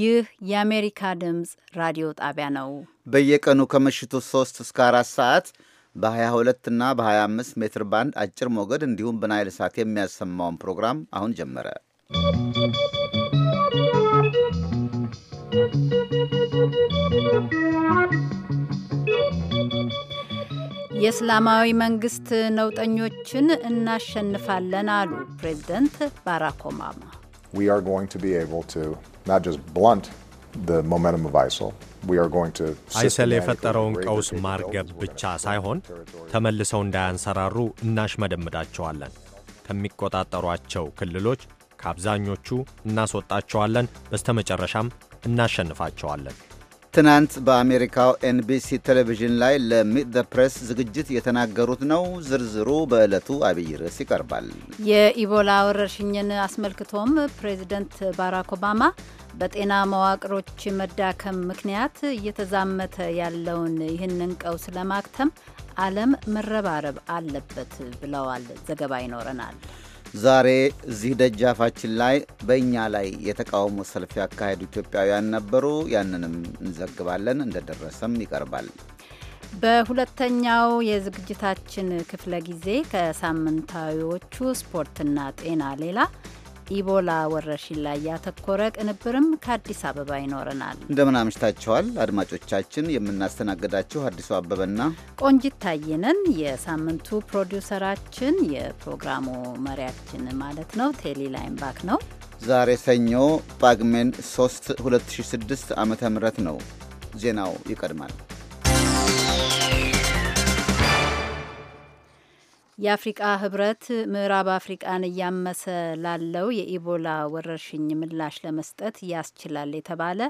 ይህ የአሜሪካ ድምፅ ራዲዮ ጣቢያ ነው። በየቀኑ ከምሽቱ 3 እስከ 4 ሰዓት በ22 እና በ25 ሜትር ባንድ አጭር ሞገድ እንዲሁም በናይል ሳት የሚያሰማውን ፕሮግራም አሁን ጀመረ። የእስላማዊ መንግስት ነውጠኞችን እናሸንፋለን አሉ ፕሬዚደንት ባራክ ኦባማ። not just blunt the momentum of ISIL. አይሰል የፈጠረውን ቀውስ ማርገብ ብቻ ሳይሆን ተመልሰው እንዳያንሰራሩ እናሽመደምዳቸዋለን። ከሚቆጣጠሯቸው ክልሎች ከአብዛኞቹ እናስወጣቸዋለን። በስተመጨረሻም እናሸንፋቸዋለን። ትናንት በአሜሪካው ኤንቢሲ ቴሌቪዥን ላይ ለሚት ዘ ፕሬስ ዝግጅት የተናገሩት ነው። ዝርዝሩ በዕለቱ አብይ ርዕስ ይቀርባል። የኢቦላ ወረርሽኝን አስመልክቶም ፕሬዚደንት ባራክ ኦባማ በጤና መዋቅሮች መዳከም ምክንያት እየተዛመተ ያለውን ይህንን ቀውስ ለማክተም ዓለም መረባረብ አለበት ብለዋል። ዘገባ ይኖረናል። ዛሬ እዚህ ደጃፋችን ላይ በእኛ ላይ የተቃውሞ ሰልፍ ያካሄዱ ኢትዮጵያውያን ነበሩ። ያንንም እንዘግባለን፣ እንደደረሰም ይቀርባል። በሁለተኛው የዝግጅታችን ክፍለ ጊዜ ከሳምንታዊዎቹ ስፖርትና ጤና ሌላ ኢቦላ ወረርሽኝ ላይ ያተኮረ ቅንብርም ከአዲስ አበባ ይኖረናል። እንደምን አምሽታችኋል አድማጮቻችን። የምናስተናግዳችሁ አዲሱ አበበና ቆንጂት የሳምንቱ ፕሮዲውሰራችን የፕሮግራሙ መሪያችን ማለት ነው ቴሊ ላይምባክ ነው። ዛሬ ሰኞ ጳጉሜን 3 2006 ዓ ም ነው። ዜናው ይቀድማል። የአፍሪቃ ህብረት ምዕራብ አፍሪቃን እያመሰ ላለው የኢቦላ ወረርሽኝ ምላሽ ለመስጠት ያስችላል የተባለ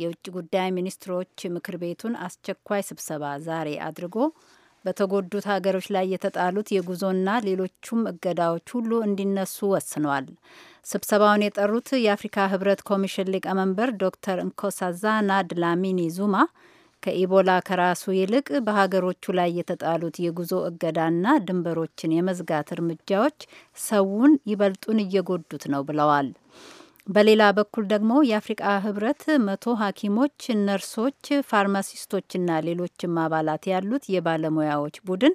የውጭ ጉዳይ ሚኒስትሮች ምክር ቤቱን አስቸኳይ ስብሰባ ዛሬ አድርጎ በተጎዱት ሀገሮች ላይ የተጣሉት የጉዞና ሌሎቹም እገዳዎች ሁሉ እንዲነሱ ወስኗል። ስብሰባውን የጠሩት የአፍሪካ ህብረት ኮሚሽን ሊቀመንበር ዶክተር እንኮሳዛና ድላሚኒ ዙማ ከኢቦላ ከራሱ ይልቅ በሀገሮቹ ላይ የተጣሉት የጉዞ እገዳና ድንበሮችን የመዝጋት እርምጃዎች ሰውን ይበልጡን እየጎዱት ነው ብለዋል። በሌላ በኩል ደግሞ የአፍሪቃ ህብረት መቶ ሐኪሞች፣ ነርሶች፣ ፋርማሲስቶችና ሌሎችም አባላት ያሉት የባለሙያዎች ቡድን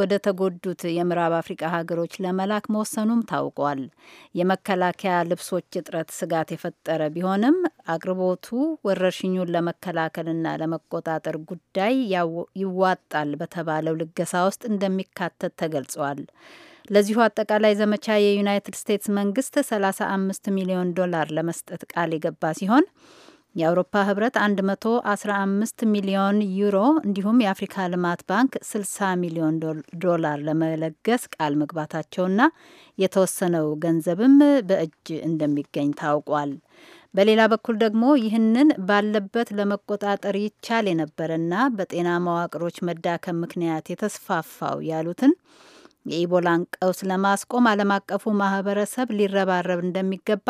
ወደ ተጎዱት የምዕራብ አፍሪቃ ሀገሮች ለመላክ መወሰኑም ታውቋል። የመከላከያ ልብሶች እጥረት ስጋት የፈጠረ ቢሆንም አቅርቦቱ ወረርሽኙን ለመከላከልና ለመቆጣጠር ጉዳይ ይዋጣል በተባለው ልገሳ ውስጥ እንደሚካተት ተገልጿል። ለዚሁ አጠቃላይ ዘመቻ የዩናይትድ ስቴትስ መንግስት 35 ሚሊዮን ዶላር ለመስጠት ቃል የገባ ሲሆን የአውሮፓ ህብረት 115 ሚሊዮን ዩሮ እንዲሁም የአፍሪካ ልማት ባንክ 60 ሚሊዮን ዶላር ለመለገስ ቃል መግባታቸውና የተወሰነው ገንዘብም በእጅ እንደሚገኝ ታውቋል። በሌላ በኩል ደግሞ ይህንን ባለበት ለመቆጣጠር ይቻል የነበረና በጤና መዋቅሮች መዳከም ምክንያት የተስፋፋው ያሉትን የኢቦላን ቀውስ ለማስቆም ዓለም አቀፉ ማህበረሰብ ሊረባረብ እንደሚገባ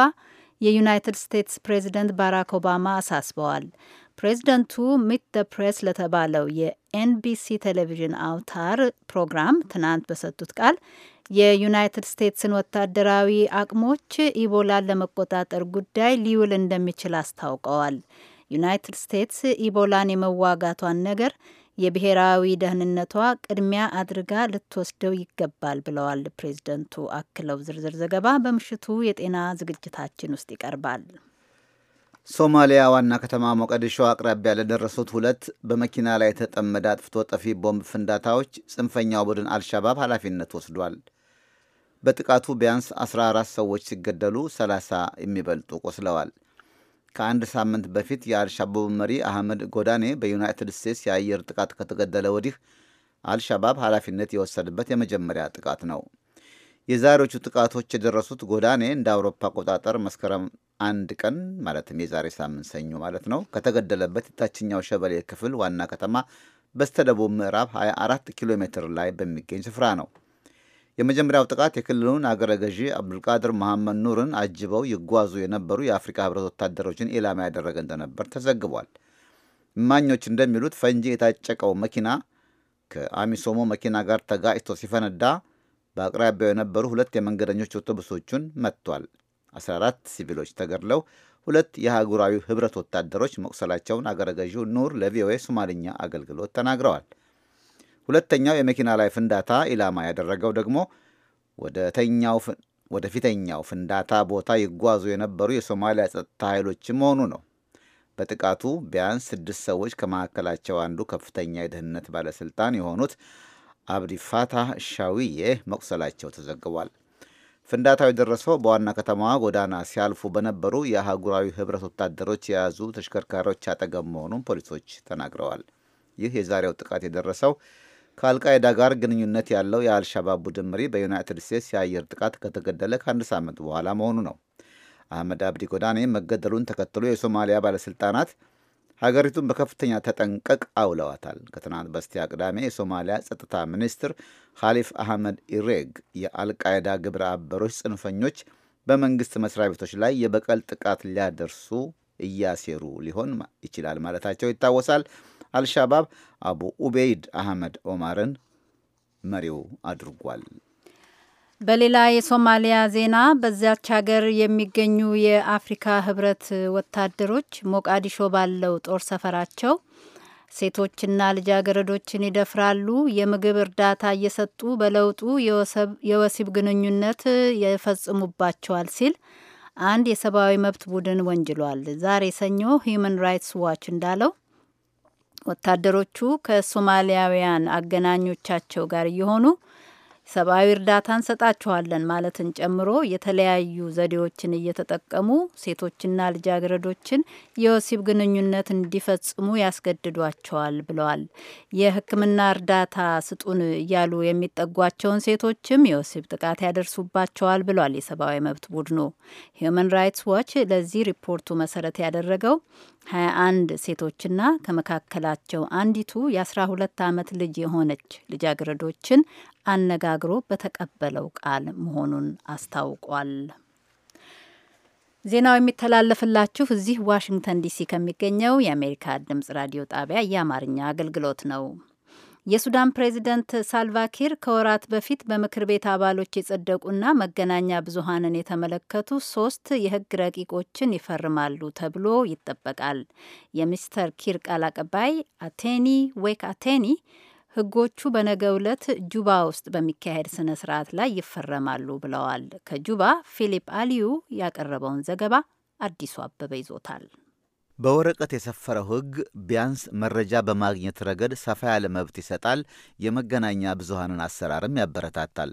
የዩናይትድ ስቴትስ ፕሬዚደንት ባራክ ኦባማ አሳስበዋል። ፕሬዚደንቱ ሚት ደ ፕሬስ ለተባለው የኤንቢሲ ቴሌቪዥን አውታር ፕሮግራም ትናንት በሰጡት ቃል የዩናይትድ ስቴትስን ወታደራዊ አቅሞች ኢቦላን ለመቆጣጠር ጉዳይ ሊውል እንደሚችል አስታውቀዋል። ዩናይትድ ስቴትስ ኢቦላን የመዋጋቷን ነገር የብሔራዊ ደህንነቷ ቅድሚያ አድርጋ ልትወስደው ይገባል ብለዋል ፕሬዝደንቱ። አክለው ዝርዝር ዘገባ በምሽቱ የጤና ዝግጅታችን ውስጥ ይቀርባል። ሶማሊያ ዋና ከተማ ሞቃዲሾ አቅራቢያ ለደረሱት ሁለት በመኪና ላይ የተጠመደ አጥፍቶ ጠፊ ቦምብ ፍንዳታዎች ጽንፈኛው ቡድን አልሻባብ ኃላፊነት ወስዷል። በጥቃቱ ቢያንስ 14 ሰዎች ሲገደሉ 30 የሚበልጡ ቆስለዋል። ከአንድ ሳምንት በፊት የአልሻባብ መሪ አህመድ ጎዳኔ በዩናይትድ ስቴትስ የአየር ጥቃት ከተገደለ ወዲህ አልሻባብ ኃላፊነት የወሰደበት የመጀመሪያ ጥቃት ነው። የዛሬዎቹ ጥቃቶች የደረሱት ጎዳኔ እንደ አውሮፓ አቆጣጠር መስከረም አንድ ቀን ማለትም የዛሬ ሳምንት ሰኞ ማለት ነው ከተገደለበት የታችኛው ሸበሌ ክፍል ዋና ከተማ በስተደቡብ ምዕራብ 24 ኪሎ ሜትር ላይ በሚገኝ ስፍራ ነው። የመጀመሪያው ጥቃት የክልሉን አገረ ገዢ አብዱልቃድር መሐመድ ኑርን አጅበው ይጓዙ የነበሩ የአፍሪካ ህብረት ወታደሮችን ኢላማ ያደረገ እንደነበር ተዘግቧል። እማኞች እንደሚሉት ፈንጂ የታጨቀው መኪና ከአሚሶሞ መኪና ጋር ተጋጭቶ ሲፈነዳ በአቅራቢያው የነበሩ ሁለት የመንገደኞች አውቶቡሶቹን መጥቷል። 14 ሲቪሎች ተገድለው ሁለት የአህጉራዊ ህብረት ወታደሮች መቁሰላቸውን አገረ ገዢው ኑር ለቪኦኤ ሶማልኛ አገልግሎት ተናግረዋል። ሁለተኛው የመኪና ላይ ፍንዳታ ኢላማ ያደረገው ደግሞ ወደ ፊተኛው ፍንዳታ ቦታ ይጓዙ የነበሩ የሶማሊያ ጸጥታ ኃይሎች መሆኑ ነው። በጥቃቱ ቢያንስ ስድስት ሰዎች ከመካከላቸው አንዱ ከፍተኛ የደህንነት ባለስልጣን የሆኑት አብዲ ፋታህ ሻዊዬ መቁሰላቸው ተዘግቧል። ፍንዳታው የደረሰው በዋና ከተማዋ ጎዳና ሲያልፉ በነበሩ የአህጉራዊ ህብረት ወታደሮች የያዙ ተሽከርካሪዎች አጠገብ መሆኑን ፖሊሶች ተናግረዋል። ይህ የዛሬው ጥቃት የደረሰው ከአልቃይዳ ጋር ግንኙነት ያለው የአልሻባብ ቡድን መሪ በዩናይትድ ስቴትስ የአየር ጥቃት ከተገደለ ከአንድ ሳምንት በኋላ መሆኑ ነው። አህመድ አብዲ ጎዳኔ መገደሉን ተከትሎ የሶማሊያ ባለሥልጣናት ሀገሪቱን በከፍተኛ ተጠንቀቅ አውለዋታል። ከትናንት በስቲያ ቅዳሜ የሶማሊያ ጸጥታ ሚኒስትር ኻሊፍ አህመድ ኢሬግ የአልቃይዳ ግብረ አበሮች ጽንፈኞች በመንግሥት መስሪያ ቤቶች ላይ የበቀል ጥቃት ሊያደርሱ እያሴሩ ሊሆን ይችላል ማለታቸው ይታወሳል። አልሻባብ አቡ ኡበይድ አህመድ ኦማርን መሪው አድርጓል። በሌላ የሶማሊያ ዜና በዚያች ሀገር የሚገኙ የአፍሪካ ህብረት ወታደሮች ሞቃዲሾ ባለው ጦር ሰፈራቸው ሴቶችና ልጃገረዶችን ይደፍራሉ፣ የምግብ እርዳታ እየሰጡ በለውጡ የወሲብ ግንኙነት ይፈጽሙባቸዋል ሲል አንድ የሰብአዊ መብት ቡድን ወንጅሏል። ዛሬ ሰኞ ሂዩማን ራይትስ ዋች እንዳለው ወታደሮቹ ከሶማሊያውያን አገናኞቻቸው ጋር እየሆኑ ሰብአዊ እርዳታ እንሰጣችኋለን ማለትን ጨምሮ የተለያዩ ዘዴዎችን እየተጠቀሙ ሴቶችና ልጃገረዶችን የወሲብ ግንኙነት እንዲፈጽሙ ያስገድዷቸዋል ብለዋል። የሕክምና እርዳታ ስጡን እያሉ የሚጠጓቸውን ሴቶችም የወሲብ ጥቃት ያደርሱባቸዋል ብሏል የሰብአዊ መብት ቡድኑ። ሂዩማን ራይትስ ዋች ለዚህ ሪፖርቱ መሰረት ያደረገው 21 ሴቶችና ከመካከላቸው አንዲቱ የ12 ዓመት ልጅ የሆነች ልጃገረዶችን አነጋግሮ በተቀበለው ቃል መሆኑን አስታውቋል። ዜናው የሚተላለፍላችሁ እዚህ ዋሽንግተን ዲሲ ከሚገኘው የአሜሪካ ድምጽ ራዲዮ ጣቢያ የአማርኛ አገልግሎት ነው። የሱዳን ፕሬዚደንት ሳልቫኪር ከወራት በፊት በምክር ቤት አባሎች የጸደቁና መገናኛ ብዙሃንን የተመለከቱ ሶስት የህግ ረቂቆችን ይፈርማሉ ተብሎ ይጠበቃል። የሚስተር ኪር ቃል አቀባይ አቴኒ ዌክ አቴኒ ህጎቹ በነገ ዕለት ጁባ ውስጥ በሚካሄድ ስነ ስርዓት ላይ ይፈረማሉ ብለዋል። ከጁባ ፊሊፕ አሊዩ ያቀረበውን ዘገባ አዲሱ አበበ ይዞታል። በወረቀት የሰፈረው ሕግ ቢያንስ መረጃ በማግኘት ረገድ ሰፋ ያለ መብት ይሰጣል፣ የመገናኛ ብዙሃንን አሰራርም ያበረታታል።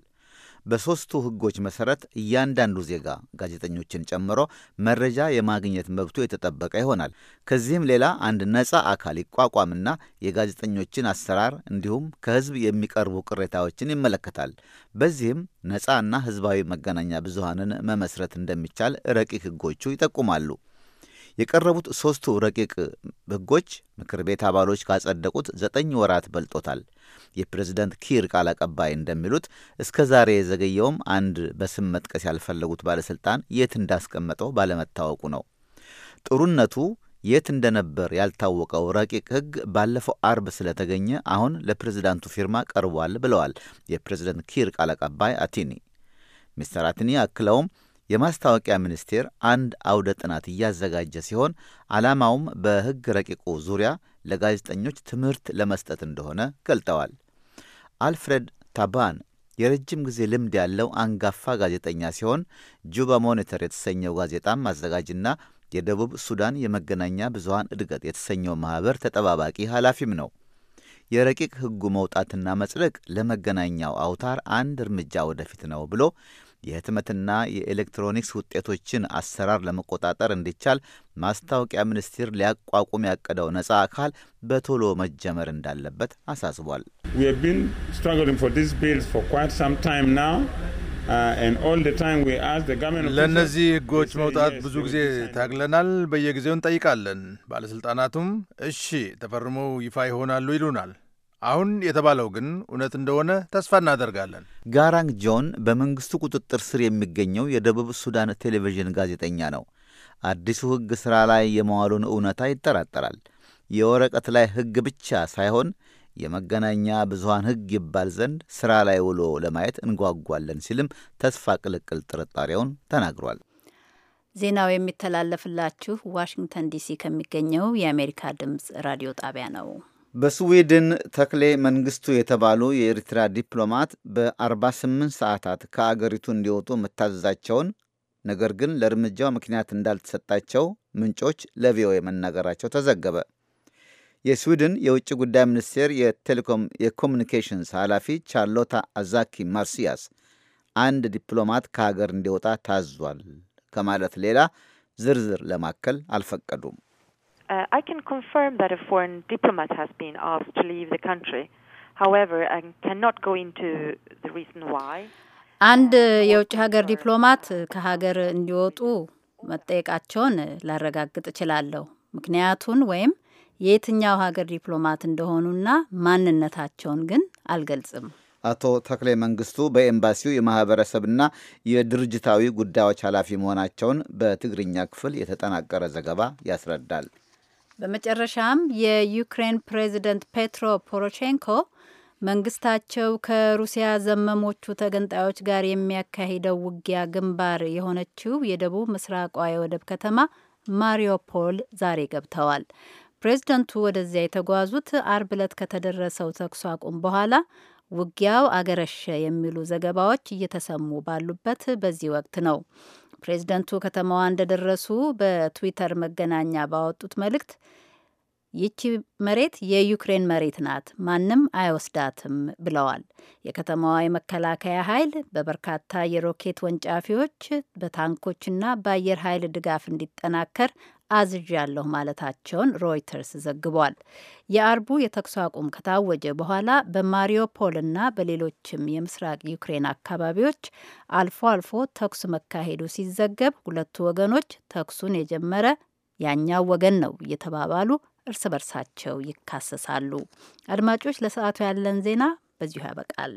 በሦስቱ ሕጎች መሠረት እያንዳንዱ ዜጋ ጋዜጠኞችን ጨምሮ መረጃ የማግኘት መብቱ የተጠበቀ ይሆናል። ከዚህም ሌላ አንድ ነፃ አካል ይቋቋምና የጋዜጠኞችን አሰራር እንዲሁም ከሕዝብ የሚቀርቡ ቅሬታዎችን ይመለከታል። በዚህም ነጻና ሕዝባዊ መገናኛ ብዙሃንን መመስረት እንደሚቻል ረቂቅ ሕጎቹ ይጠቁማሉ። የቀረቡት ሦስቱ ረቂቅ ሕጎች ምክር ቤት አባሎች ካጸደቁት ዘጠኝ ወራት በልጦታል። የፕሬዝደንት ኪር ቃል አቀባይ እንደሚሉት እስከ ዛሬ የዘገየውም አንድ በስም መጥቀስ ያልፈለጉት ባለሥልጣን የት እንዳስቀመጠው ባለመታወቁ ነው። ጥሩነቱ የት እንደነበር ያልታወቀው ረቂቅ ሕግ ባለፈው አርብ ስለተገኘ አሁን ለፕሬዝዳንቱ ፊርማ ቀርቧል ብለዋል የፕሬዝደንት ኪር ቃል አቀባይ አቲኒ። ሚስተር አቲኒ አክለውም የማስታወቂያ ሚኒስቴር አንድ አውደ ጥናት እያዘጋጀ ሲሆን ዓላማውም በሕግ ረቂቁ ዙሪያ ለጋዜጠኞች ትምህርት ለመስጠት እንደሆነ ገልጠዋል። አልፍሬድ ታባን የረጅም ጊዜ ልምድ ያለው አንጋፋ ጋዜጠኛ ሲሆን ጁባ ሞኒተር የተሰኘው ጋዜጣም አዘጋጅና የደቡብ ሱዳን የመገናኛ ብዙሃን እድገት የተሰኘው ማኅበር ተጠባባቂ ኃላፊም ነው። የረቂቅ ሕጉ መውጣትና መጽደቅ ለመገናኛው አውታር አንድ እርምጃ ወደፊት ነው ብሎ የህትመትና የኤሌክትሮኒክስ ውጤቶችን አሰራር ለመቆጣጠር እንዲቻል ማስታወቂያ ሚኒስቴር ሊያቋቁም ያቀደው ነጻ አካል በቶሎ መጀመር እንዳለበት አሳስቧል። uh, ለእነዚህ ህጎች መውጣት ብዙ ጊዜ ታግለናል። በየጊዜው እንጠይቃለን። ባለሥልጣናቱም እሺ ተፈርመው ይፋ ይሆናሉ ይሉናል። አሁን የተባለው ግን እውነት እንደሆነ ተስፋ እናደርጋለን። ጋራንግ ጆን በመንግሥቱ ቁጥጥር ስር የሚገኘው የደቡብ ሱዳን ቴሌቪዥን ጋዜጠኛ ነው። አዲሱ ሕግ ሥራ ላይ የመዋሉን እውነታ ይጠራጠራል። የወረቀት ላይ ሕግ ብቻ ሳይሆን የመገናኛ ብዙሃን ሕግ ይባል ዘንድ ሥራ ላይ ውሎ ለማየት እንጓጓለን ሲልም ተስፋ ቅልቅል ጥርጣሬውን ተናግሯል። ዜናው የሚተላለፍላችሁ ዋሽንግተን ዲሲ ከሚገኘው የአሜሪካ ድምፅ ራዲዮ ጣቢያ ነው። በስዊድን ተክሌ መንግስቱ የተባሉ የኤርትራ ዲፕሎማት በ48 ሰዓታት ከአገሪቱ እንዲወጡ መታዘዛቸውን ነገር ግን ለእርምጃው ምክንያት እንዳልተሰጣቸው ምንጮች ለቪኦኤ መናገራቸው ተዘገበ። የስዊድን የውጭ ጉዳይ ሚኒስቴር የቴሌኮም የኮሚኒኬሽንስ ኃላፊ ቻርሎታ አዛኪ ማርሲያስ አንድ ዲፕሎማት ከሀገር እንዲወጣ ታዟል ከማለት ሌላ ዝርዝር ለማከል አልፈቀዱም። Uh, I can confirm that a foreign diplomat has been asked to leave the country. However, I cannot go into the reason why. አንድ uh, የውጭ ሀገር ዲፕሎማት ከሀገር እንዲወጡ መጠየቃቸውን ላረጋግጥ እችላለሁ። ምክንያቱን ወይም የየትኛው ሀገር ዲፕሎማት እንደሆኑና ማንነታቸውን ግን አልገልጽም። አቶ ተክሌ መንግስቱ በኤምባሲው የማህበረሰብና የድርጅታዊ ጉዳዮች ኃላፊ መሆናቸውን በትግርኛ ክፍል የተጠናቀረ ዘገባ ያስረዳል። በመጨረሻም የዩክሬን ፕሬዚደንት ፔትሮ ፖሮሼንኮ መንግስታቸው ከሩሲያ ዘመሞቹ ተገንጣዮች ጋር የሚያካሂደው ውጊያ ግንባር የሆነችው የደቡብ ምስራቋ የወደብ ከተማ ማሪዮፖል ዛሬ ገብተዋል። ፕሬዝደንቱ ወደዚያ የተጓዙት አርብ ዕለት ከተደረሰው ተኩስ አቁም በኋላ ውጊያው አገረሸ የሚሉ ዘገባዎች እየተሰሙ ባሉበት በዚህ ወቅት ነው። ፕሬዝደንቱ ከተማዋ እንደደረሱ በትዊተር መገናኛ ባወጡት መልእክት ይቺ መሬት የዩክሬን መሬት ናት፣ ማንም አይወስዳትም ብለዋል። የከተማዋ የመከላከያ ኃይል በበርካታ የሮኬት ወንጫፊዎች በታንኮችና በአየር ኃይል ድጋፍ እንዲጠናከር አዝዣለሁ ማለታቸውን ሮይተርስ ዘግቧል። የአርቡ የተኩስ አቁም ከታወጀ በኋላ በማሪዮፖልና በሌሎችም የምስራቅ ዩክሬን አካባቢዎች አልፎ አልፎ ተኩስ መካሄዱ ሲዘገብ ሁለቱ ወገኖች ተኩሱን የጀመረ ያኛው ወገን ነው እየተባባሉ እርስ በርሳቸው ይካሰሳሉ። አድማጮች፣ ለሰዓቱ ያለን ዜና በዚሁ ያበቃል።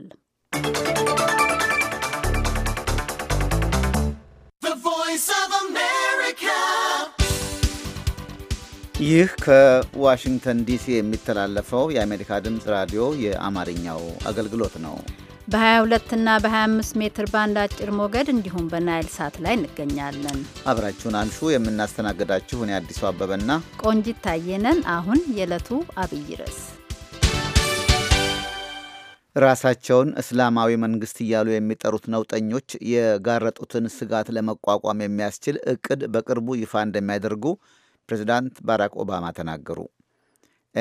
ይህ ከዋሽንግተን ዲሲ የሚተላለፈው የአሜሪካ ድምፅ ራዲዮ የአማርኛው አገልግሎት ነው። በ22 እና በ25 ሜትር ባንድ አጭር ሞገድ እንዲሁም በናይል ሳት ላይ እንገኛለን። አብራችሁን አምሹ። የምናስተናግዳችሁ እኔ አዲሱ አበበና ቆንጂት ታየነን። አሁን የዕለቱ አብይ ርዕስ ራሳቸውን እስላማዊ መንግስት እያሉ የሚጠሩት ነውጠኞች የጋረጡትን ስጋት ለመቋቋም የሚያስችል እቅድ በቅርቡ ይፋ እንደሚያደርጉ ፕሬዚዳንት ባራክ ኦባማ ተናገሩ።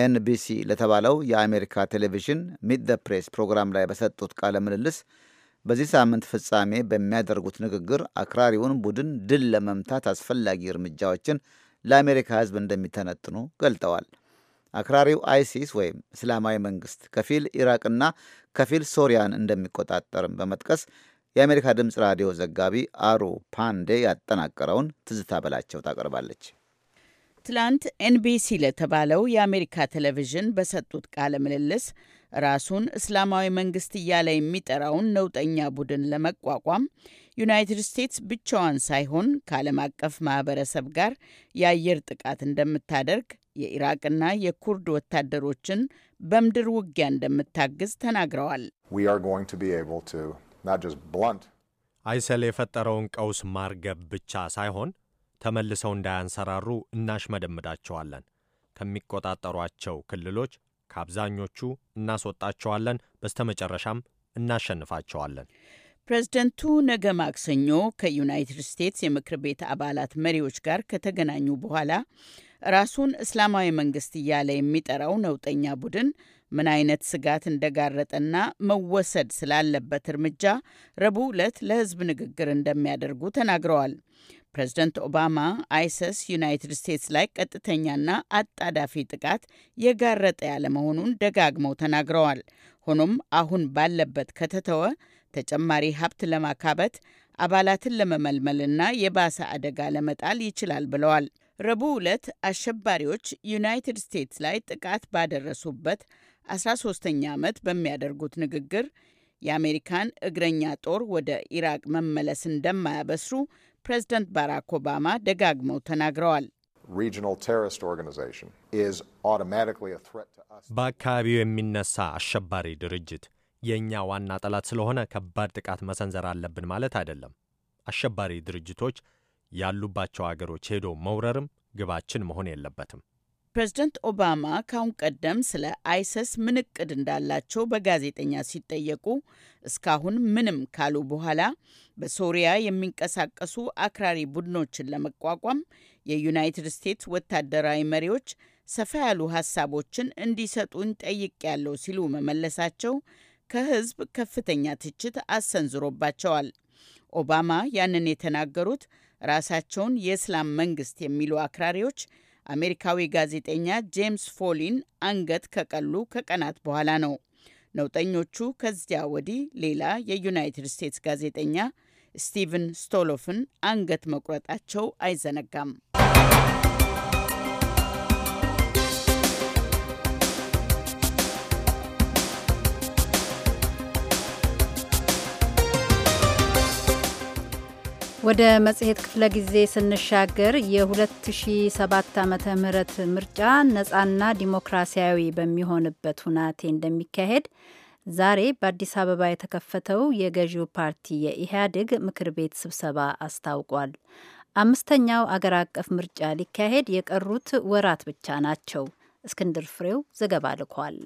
ኤንቢሲ ለተባለው የአሜሪካ ቴሌቪዥን ሚት ዘ ፕሬስ ፕሮግራም ላይ በሰጡት ቃለ ምልልስ በዚህ ሳምንት ፍጻሜ በሚያደርጉት ንግግር አክራሪውን ቡድን ድል ለመምታት አስፈላጊ እርምጃዎችን ለአሜሪካ ሕዝብ እንደሚተነትኑ ገልጠዋል። አክራሪው አይሲስ ወይም እስላማዊ መንግስት ከፊል ኢራቅና ከፊል ሶሪያን እንደሚቆጣጠርም በመጥቀስ የአሜሪካ ድምፅ ራዲዮ ዘጋቢ አሩ ፓንዴ ያጠናቀረውን ትዝታ በላቸው ታቀርባለች። ትላንት ኤንቢሲ ለተባለው የአሜሪካ ቴሌቪዥን በሰጡት ቃለ ምልልስ ራሱን እስላማዊ መንግስት እያለ የሚጠራውን ነውጠኛ ቡድን ለመቋቋም ዩናይትድ ስቴትስ ብቻዋን ሳይሆን ከዓለም አቀፍ ማህበረሰብ ጋር የአየር ጥቃት እንደምታደርግ፣ የኢራቅና የኩርድ ወታደሮችን በምድር ውጊያ እንደምታግዝ ተናግረዋል። አይሰል የፈጠረውን ቀውስ ማርገብ ብቻ ሳይሆን ተመልሰው እንዳያንሰራሩ እናሽመደምዳቸዋለን። ከሚቆጣጠሯቸው ክልሎች ከአብዛኞቹ እናስወጣቸዋለን። በስተመጨረሻም እናሸንፋቸዋለን። ፕሬዝደንቱ ነገ ማክሰኞ ከዩናይትድ ስቴትስ የምክር ቤት አባላት መሪዎች ጋር ከተገናኙ በኋላ ራሱን እስላማዊ መንግስት እያለ የሚጠራው ነውጠኛ ቡድን ምን አይነት ስጋት እንደጋረጠና መወሰድ ስላለበት እርምጃ ረቡዕ ዕለት ለህዝብ ንግግር እንደሚያደርጉ ተናግረዋል። ፕሬዝደንት ኦባማ አይሰስ ዩናይትድ ስቴትስ ላይ ቀጥተኛና አጣዳፊ ጥቃት የጋረጠ ያለመሆኑን ደጋግመው ተናግረዋል። ሆኖም አሁን ባለበት ከተተወ ተጨማሪ ሀብት ለማካበት አባላትን ለመመልመልና የባሰ አደጋ ለመጣል ይችላል ብለዋል። ረቡዕ ዕለት አሸባሪዎች ዩናይትድ ስቴትስ ላይ ጥቃት ባደረሱበት 13ኛ ዓመት በሚያደርጉት ንግግር የአሜሪካን እግረኛ ጦር ወደ ኢራቅ መመለስ እንደማያበስሩ ፕሬዝደንት ባራክ ኦባማ ደጋግመው ተናግረዋል። በአካባቢው የሚነሳ አሸባሪ ድርጅት የእኛ ዋና ጠላት ስለሆነ ከባድ ጥቃት መሰንዘር አለብን ማለት አይደለም። አሸባሪ ድርጅቶች ያሉባቸው አገሮች ሄዶ መውረርም ግባችን መሆን የለበትም። ፕሬዝደንት ኦባማ ካሁን ቀደም ስለ አይሰስ ምን እቅድ እንዳላቸው በጋዜጠኛ ሲጠየቁ እስካሁን ምንም ካሉ በኋላ በሶሪያ የሚንቀሳቀሱ አክራሪ ቡድኖችን ለመቋቋም የዩናይትድ ስቴትስ ወታደራዊ መሪዎች ሰፋ ያሉ ሀሳቦችን እንዲሰጡን ያለው ሲሉ መመለሳቸው ከህዝብ ከፍተኛ ትችት አሰንዝሮባቸዋል። ኦባማ ያንን የተናገሩት ራሳቸውን የእስላም መንግስት የሚሉ አክራሪዎች አሜሪካዊ ጋዜጠኛ ጄምስ ፎሊን አንገት ከቀሉ ከቀናት በኋላ ነው። ነውጠኞቹ ከዚያ ወዲህ ሌላ የዩናይትድ ስቴትስ ጋዜጠኛ ስቲቨን ስቶሎፍን አንገት መቁረጣቸው አይዘነጋም። ወደ መጽሔት ክፍለ ጊዜ ስንሻገር የ2007 ዓ ም ምርጫ ነጻና ዲሞክራሲያዊ በሚሆንበት ሁናቴ እንደሚካሄድ ዛሬ በአዲስ አበባ የተከፈተው የገዢው ፓርቲ የኢህአዴግ ምክር ቤት ስብሰባ አስታውቋል። አምስተኛው አገር አቀፍ ምርጫ ሊካሄድ የቀሩት ወራት ብቻ ናቸው። እስክንድር ፍሬው ዘገባ ልኳል።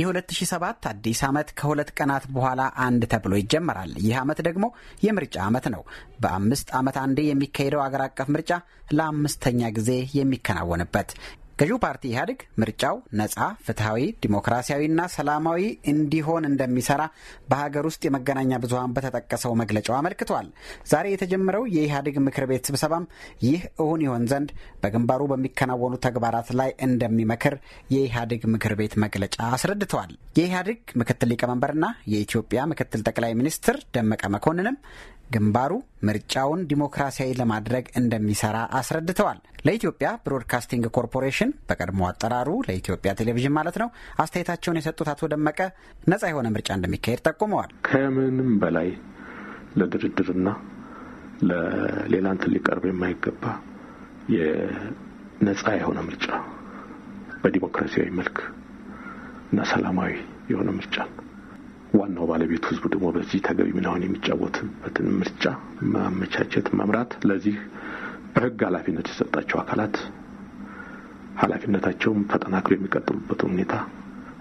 የ2007 አዲስ ዓመት ከሁለት ቀናት በኋላ አንድ ተብሎ ይጀመራል። ይህ ዓመት ደግሞ የምርጫ ዓመት ነው። በአምስት ዓመት አንዴ የሚካሄደው አገር አቀፍ ምርጫ ለአምስተኛ ጊዜ የሚከናወንበት ገዢው ፓርቲ ኢህአዴግ ምርጫው ነጻ፣ ፍትሐዊ፣ ዲሞክራሲያዊና ሰላማዊ እንዲሆን እንደሚሰራ በሀገር ውስጥ የመገናኛ ብዙሀን በተጠቀሰው መግለጫው አመልክቷል። ዛሬ የተጀመረው የኢህአዴግ ምክር ቤት ስብሰባም ይህ እሁን ይሆን ዘንድ በግንባሩ በሚከናወኑ ተግባራት ላይ እንደሚመክር የኢህአዴግ ምክር ቤት መግለጫ አስረድተዋል። የኢህአዴግ ምክትል ሊቀመንበርና የኢትዮጵያ ምክትል ጠቅላይ ሚኒስትር ደመቀ መኮንንም ግንባሩ ምርጫውን ዲሞክራሲያዊ ለማድረግ እንደሚሰራ አስረድተዋል። ለኢትዮጵያ ብሮድካስቲንግ ኮርፖሬሽን በቀድሞ አጠራሩ ለኢትዮጵያ ቴሌቪዥን ማለት ነው አስተያየታቸውን የሰጡት አቶ ደመቀ ነጻ የሆነ ምርጫ እንደሚካሄድ ጠቁመዋል። ከምንም በላይ ለድርድርና ለሌላ እንትን ሊቀርብ የማይገባ የነጻ የሆነ ምርጫ በዲሞክራሲያዊ መልክ እና ሰላማዊ የሆነ ምርጫ ነው። ዋናው ባለቤት ህዝቡ ደግሞ በዚህ ተገቢ ሚናውን የሚጫወትበትን ምርጫ ማመቻቸት፣ መምራት ለዚህ በህግ ኃላፊነት የሰጣቸው አካላት ኃላፊነታቸውም ተጠናክሮ የሚቀጥሉበትን ሁኔታ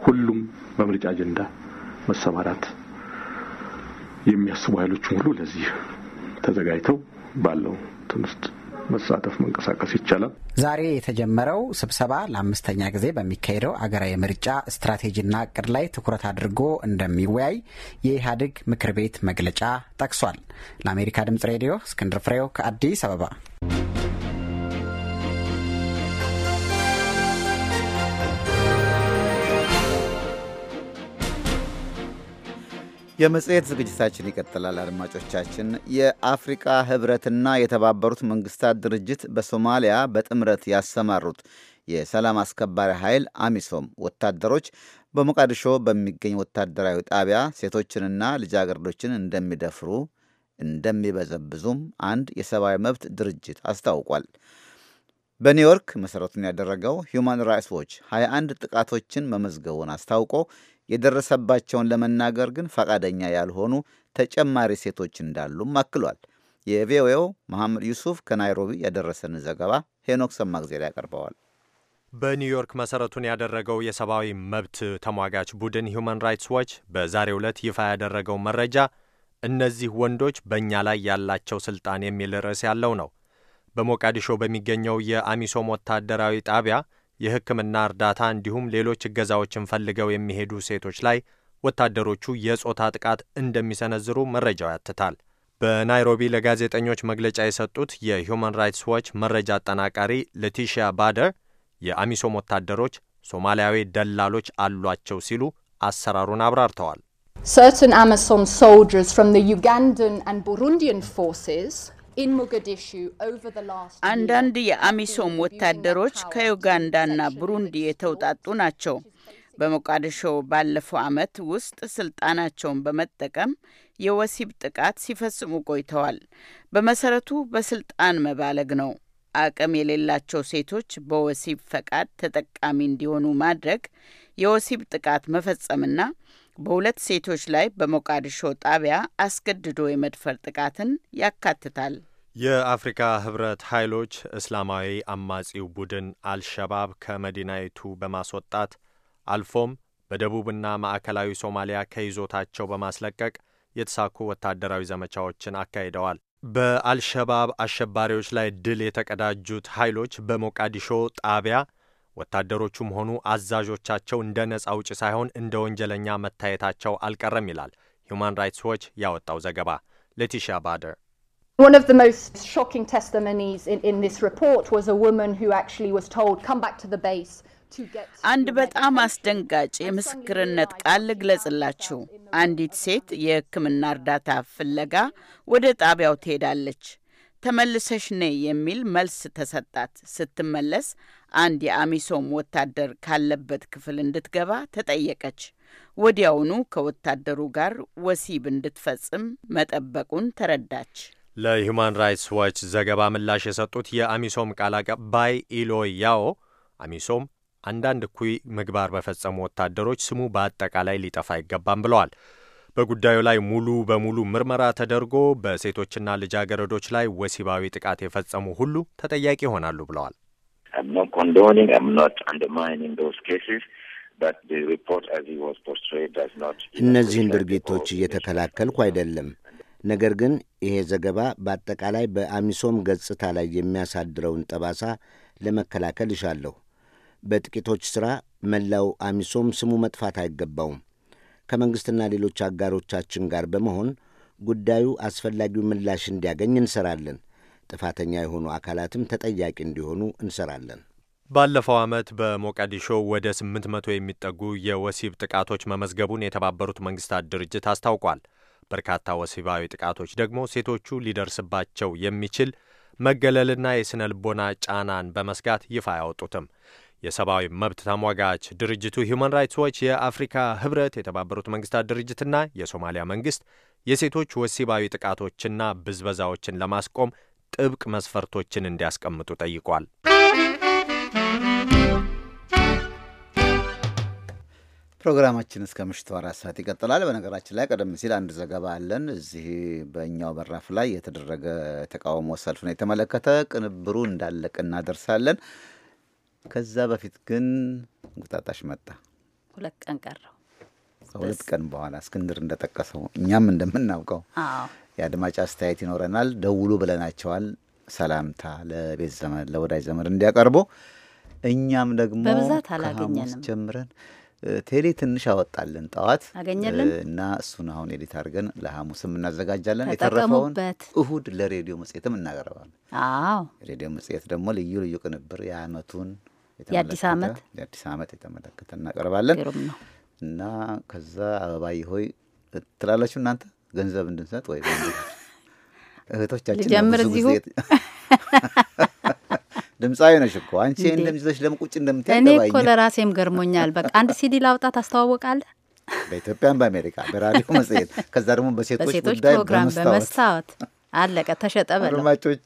ሁሉም በምርጫ አጀንዳ መሰማራት የሚያስቡ ኃይሎች ሁሉ ለዚህ ተዘጋጅተው ባለው ትምህርት መሳተፍ፣ መንቀሳቀስ ይቻላል። ዛሬ የተጀመረው ስብሰባ ለአምስተኛ ጊዜ በሚካሄደው አገራዊ ምርጫ ስትራቴጂና እቅድ ላይ ትኩረት አድርጎ እንደሚወያይ የኢህአዴግ ምክር ቤት መግለጫ ጠቅሷል። ለአሜሪካ ድምጽ ሬዲዮ እስክንድር ፍሬው ከአዲስ አበባ የመጽሔት ዝግጅታችን ይቀጥላል። አድማጮቻችን፣ የአፍሪቃ ህብረትና የተባበሩት መንግስታት ድርጅት በሶማሊያ በጥምረት ያሰማሩት የሰላም አስከባሪ ኃይል አሚሶም ወታደሮች በሞቃዲሾ በሚገኝ ወታደራዊ ጣቢያ ሴቶችንና ልጃገረዶችን እንደሚደፍሩ እንደሚበዘብዙም አንድ የሰብአዊ መብት ድርጅት አስታውቋል። በኒውዮርክ መሠረቱን ያደረገው ሂዩማን ራይትስ ዎች 21 ጥቃቶችን መመዝገቡን አስታውቆ የደረሰባቸውን ለመናገር ግን ፈቃደኛ ያልሆኑ ተጨማሪ ሴቶች እንዳሉም አክሏል። የቪኦኤው መሐመድ ዩሱፍ ከናይሮቢ ያደረሰን ዘገባ ሄኖክ ሰማግዜር ያቀርበዋል። በኒውዮርክ መሰረቱን ያደረገው የሰብአዊ መብት ተሟጋች ቡድን ሁማን ራይትስ ዋች በዛሬው ዕለት ይፋ ያደረገው መረጃ እነዚህ ወንዶች በእኛ ላይ ያላቸው ስልጣን የሚል ርዕስ ያለው ነው። በሞቃዲሾ በሚገኘው የአሚሶም ወታደራዊ ጣቢያ የሕክምና እርዳታ እንዲሁም ሌሎች እገዛዎችን ፈልገው የሚሄዱ ሴቶች ላይ ወታደሮቹ የጾታ ጥቃት እንደሚሰነዝሩ መረጃው ያትታል። በናይሮቢ ለጋዜጠኞች መግለጫ የሰጡት የሁማን ራይትስ ዎች መረጃ አጠናቃሪ ለቲሺያ ባደር የአሚሶም ወታደሮች ሶማሊያዊ ደላሎች አሏቸው ሲሉ አሰራሩን አብራርተዋል። certain Amisom soldiers from the Ugandan and Burundian forces አንዳንድ የአሚሶም ወታደሮች ከዩጋንዳና ብሩንዲ የተውጣጡ ናቸው። በሞቃዲሾ ባለፈው ዓመት ውስጥ ስልጣናቸውን በመጠቀም የወሲብ ጥቃት ሲፈጽሙ ቆይተዋል። በመሰረቱ በስልጣን መባለግ ነው። አቅም የሌላቸው ሴቶች በወሲብ ፈቃድ ተጠቃሚ እንዲሆኑ ማድረግ የወሲብ ጥቃት መፈጸምና በሁለት ሴቶች ላይ በሞቃዲሾ ጣቢያ አስገድዶ የመድፈር ጥቃትን ያካትታል። የአፍሪካ ህብረት ኃይሎች እስላማዊ አማጺው ቡድን አልሸባብ ከመዲናይቱ በማስወጣት አልፎም በደቡብና ማዕከላዊ ሶማሊያ ከይዞታቸው በማስለቀቅ የተሳኩ ወታደራዊ ዘመቻዎችን አካሂደዋል። በአልሸባብ አሸባሪዎች ላይ ድል የተቀዳጁት ኃይሎች በሞቃዲሾ ጣቢያ ወታደሮቹም ሆኑ አዛዦቻቸው እንደ ነጻ አውጪ ሳይሆን እንደ ወንጀለኛ መታየታቸው አልቀረም ይላል ሁማን ራይትስ ዎች ያወጣው ዘገባ። ለቲሻ ባደር One of the most shocking testimonies in, in this report was a woman who actually was told, come back to the base. አንድ በጣም አስደንጋጭ የምስክርነት ቃል ልግለጽላችሁ። አንዲት ሴት የሕክምና እርዳታ ፍለጋ ወደ ጣቢያው ትሄዳለች። ተመልሰሽ ነይ የሚል መልስ ተሰጣት። ስትመለስ አንድ የአሚሶም ወታደር ካለበት ክፍል እንድትገባ ተጠየቀች። ወዲያውኑ ከወታደሩ ጋር ወሲብ እንድትፈጽም መጠበቁን ተረዳች። ለሁማን ራይትስ ዋች ዘገባ ምላሽ የሰጡት የአሚሶም ቃል አቀባይ ኢሎይ ያኦ አሚሶም አንዳንድ እኩይ ምግባር በፈጸሙ ወታደሮች ስሙ በአጠቃላይ ሊጠፋ አይገባም ብለዋል። በጉዳዩ ላይ ሙሉ በሙሉ ምርመራ ተደርጎ በሴቶችና ልጃገረዶች ላይ ወሲባዊ ጥቃት የፈጸሙ ሁሉ ተጠያቂ ይሆናሉ ብለዋል። um, um, እነዚህን ድርጊቶች እየተከላከልኩ አይደለም። ነገር ግን ይሄ ዘገባ በአጠቃላይ በአሚሶም ገጽታ ላይ የሚያሳድረውን ጠባሳ ለመከላከል ይሻለሁ። በጥቂቶች ሥራ መላው አሚሶም ስሙ መጥፋት አይገባውም። ከመንግሥትና ሌሎች አጋሮቻችን ጋር በመሆን ጉዳዩ አስፈላጊው ምላሽ እንዲያገኝ እንሰራለን። ጥፋተኛ የሆኑ አካላትም ተጠያቂ እንዲሆኑ እንሰራለን። ባለፈው ዓመት በሞቃዲሾ ወደ 800 የሚጠጉ የወሲብ ጥቃቶች መመዝገቡን የተባበሩት መንግሥታት ድርጅት አስታውቋል። በርካታ ወሲባዊ ጥቃቶች ደግሞ ሴቶቹ ሊደርስባቸው የሚችል መገለልና የስነ ልቦና ጫናን በመስጋት ይፋ አያወጡትም። የሰብአዊ መብት ተሟጋች ድርጅቱ ሂዩማን ራይትስ ዎች፣ የአፍሪካ ህብረት፣ የተባበሩት መንግስታት ድርጅትና የሶማሊያ መንግስት የሴቶች ወሲባዊ ጥቃቶችና ብዝበዛዎችን ለማስቆም ጥብቅ መስፈርቶችን እንዲያስቀምጡ ጠይቋል። ፕሮግራማችን እስከ ምሽቱ አራት ሰዓት ይቀጥላል። በነገራችን ላይ ቀደም ሲል አንድ ዘገባ አለን። እዚህ በእኛው በራፍ ላይ የተደረገ ተቃውሞ ሰልፍ ነው የተመለከተ ቅንብሩ እንዳለቀ እናደርሳለን። ከዛ በፊት ግን እንቁጣጣሽ መጣ። ሁለት ቀን ቀረው። ከሁለት ቀን በኋላ እስክንድር እንደጠቀሰው እኛም እንደምናውቀው የአድማጭ አስተያየት ይኖረናል። ደውሉ ብለናቸዋል። ሰላምታ ለቤት ዘመድ ለወዳጅ ዘመድ እንዲያቀርቡ እኛም ደግሞ በብዛት አላገኘንም ጀምረን ቴሌ ትንሽ አወጣልን ጠዋት አገኘልን እና እሱን አሁን ኤዲት አድርገን ለሐሙስም እናዘጋጃለን። የተረፈውን እሁድ ለሬዲዮ መጽሔትም እናቀርባለን። አዎ ሬዲዮ መጽሔት ደግሞ ልዩ ልዩ ቅንብር የአመቱን የአዲስ አመት የአዲስ ዓመት የተመለከተ እናቀርባለን እና ከዛ አበባዬ ሆይ ትላላችሁ እናንተ ገንዘብ እንድንሰጥ ወይ እህቶቻችን ጀምር እዚሁ ድምፃዊ ነሽ እኮ አንቺ ይህን ድምዝሽ ለምቁጭ እንደምት እኔ እኮ ለራሴም ገርሞኛል። በቃ አንድ ሲዲ ላውጣ ታስተዋወቃለ በኢትዮጵያን በአሜሪካ በራዲዮ መጽሄት፣ ከዛ ደግሞ በሴቶች ጉዳይ በመስታወት አለቀ ተሸጠ። በላ አድማጮች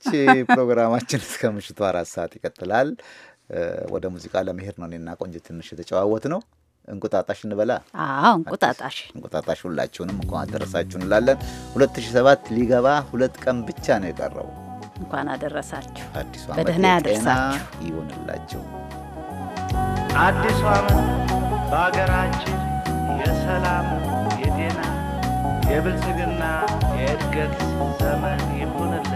ፕሮግራማችን እስከ ምሽቱ አራት ሰዓት ይቀጥላል። ወደ ሙዚቃ ለመሄድ ነው። እኔና ቆንጅ ትንሽ የተጨዋወት ነው። እንቁጣጣሽ እንበላ። አዎ እንቁጣጣሽ፣ እንቁጣጣሽ። ሁላችሁንም እንኳን አደረሳችሁ እንላለን። 2007 ሊገባ ሁለት ቀን ብቻ ነው የቀረው። እንኳን አደረሳችሁ። አዲሱ ዓመት በደህና ያደርሳችሁ ይሆንላችሁ። አዲሱ ዓመት በሀገራችን የሰላም የጤና የብልጽግና የእድገት ዘመን ይሁንል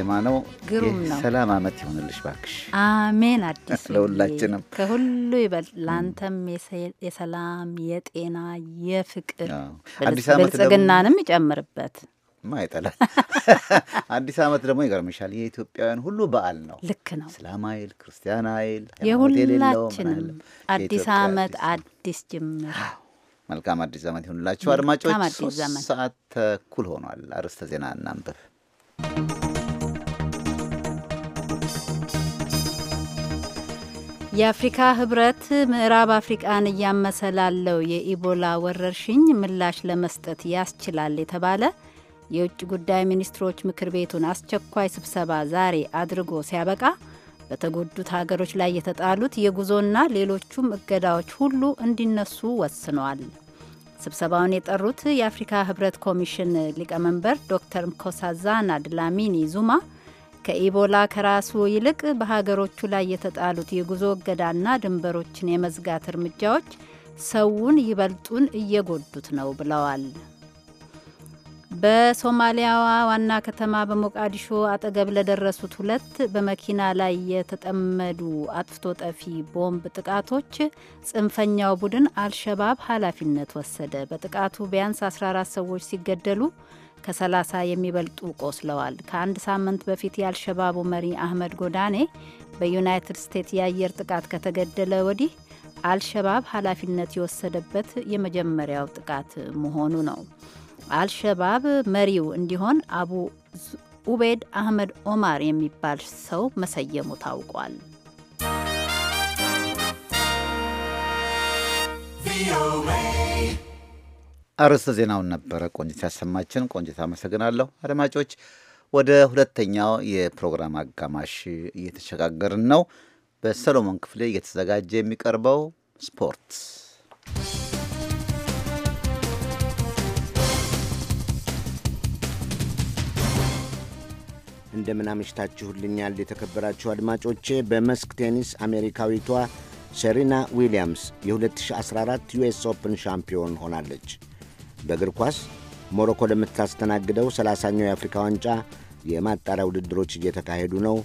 ዜማ ነው። ግሩም ነው። ሰላም ዓመት ይሆንልሽ ባክሽ። አሜን። አዲስ ለሁላችንም ከሁሉ ይበልጥ ለአንተም የሰላም የጤና የፍቅር ብልጽግናንም ይጨምርበት ማይጠላል አዲስ ዓመት ደግሞ ይገርምሻል የኢትዮጵያውያን ሁሉ በዓል ነው። ልክ ነው። እስላም አይል ክርስቲያን አይል የሁላችንም አዲስ ዓመት አዲስ ጅምር። መልካም አዲስ ዓመት ይሁንላችሁ አድማጮች። ሶስት ሰዓት ተኩል ሆኗል። አርዕስተ ዜና እናንብብ። የአፍሪካ ህብረት ምዕራብ አፍሪቃን እያመሰ ላለው የኢቦላ ወረርሽኝ ምላሽ ለመስጠት ያስችላል የተባለ የውጭ ጉዳይ ሚኒስትሮች ምክር ቤቱን አስቸኳይ ስብሰባ ዛሬ አድርጎ ሲያበቃ በተጎዱት ሀገሮች ላይ የተጣሉት የጉዞና ሌሎቹም እገዳዎች ሁሉ እንዲነሱ ወስነዋል። ስብሰባውን የጠሩት የአፍሪካ ህብረት ኮሚሽን ሊቀመንበር ዶክተር ንኮሳዛና ድላሚኒ ዙማ ከኢቦላ ከራሱ ይልቅ በሀገሮቹ ላይ የተጣሉት የጉዞ እገዳና ድንበሮችን የመዝጋት እርምጃዎች ሰውን ይበልጡን እየጎዱት ነው ብለዋል። በሶማሊያዋ ዋና ከተማ በሞቃዲሾ አጠገብ ለደረሱት ሁለት በመኪና ላይ የተጠመዱ አጥፍቶ ጠፊ ቦምብ ጥቃቶች ጽንፈኛው ቡድን አልሸባብ ኃላፊነት ወሰደ። በጥቃቱ ቢያንስ 14 ሰዎች ሲገደሉ ከ30 የሚበልጡ ቆስለዋል። ከአንድ ሳምንት በፊት የአልሸባቡ መሪ አህመድ ጎዳኔ በዩናይትድ ስቴትስ የአየር ጥቃት ከተገደለ ወዲህ አልሸባብ ኃላፊነት የወሰደበት የመጀመሪያው ጥቃት መሆኑ ነው። አልሸባብ መሪው እንዲሆን አቡ ኡቤድ አህመድ ኦማር የሚባል ሰው መሰየሙ ታውቋል። ቪኦኤ አርዕስተ ዜናውን ነበረ ቆንጅት ያሰማችን። ቆንጅት አመሰግናለሁ። አድማጮች ወደ ሁለተኛው የፕሮግራም አጋማሽ እየተሸጋገርን ነው። በሰሎሞን ክፍሌ እየተዘጋጀ የሚቀርበው ስፖርት እንደምን አምሽታችሁልኛል የተከበራችሁ አድማጮቼ። በመስክ ቴኒስ አሜሪካዊቷ ሰሪና ዊሊያምስ የ2014 ዩኤስ ኦፕን ሻምፒዮን ሆናለች። በእግር ኳስ ሞሮኮ ለምታስተናግደው 30ኛው የአፍሪካ ዋንጫ የማጣሪያ ውድድሮች እየተካሄዱ ነው።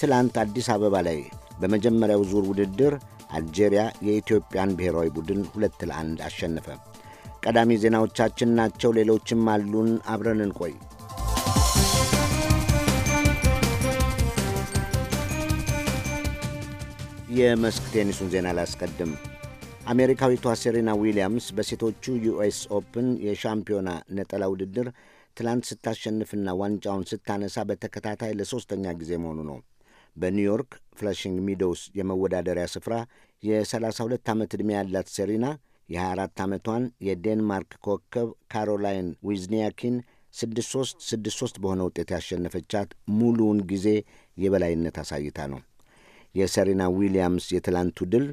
ትላንት አዲስ አበባ ላይ በመጀመሪያው ዙር ውድድር አልጄሪያ የኢትዮጵያን ብሔራዊ ቡድን ሁለት ለአንድ አሸነፈ። ቀዳሚ ዜናዎቻችን ናቸው። ሌሎችም አሉን። አብረን እንቆይ። የመስክ ቴኒሱን ዜና ላስቀድም። አሜሪካዊቷ ሴሪና ዊሊያምስ በሴቶቹ ዩኤስ ኦፕን የሻምፒዮና ነጠላ ውድድር ትላንት ስታሸንፍና ዋንጫውን ስታነሳ በተከታታይ ለሦስተኛ ጊዜ መሆኑ ነው። በኒውዮርክ ፍላሽንግ ሚዶውስ የመወዳደሪያ ስፍራ የ32 ዓመት ዕድሜ ያላት ሴሪና የ24 ዓመቷን የዴንማርክ ኮከብ ካሮላይን ዊዝኒያኪን 63 63 በሆነ ውጤት ያሸነፈቻት ሙሉውን ጊዜ የበላይነት አሳይታ ነው። የሰሪና ዊሊያምስ የትላንቱ ድል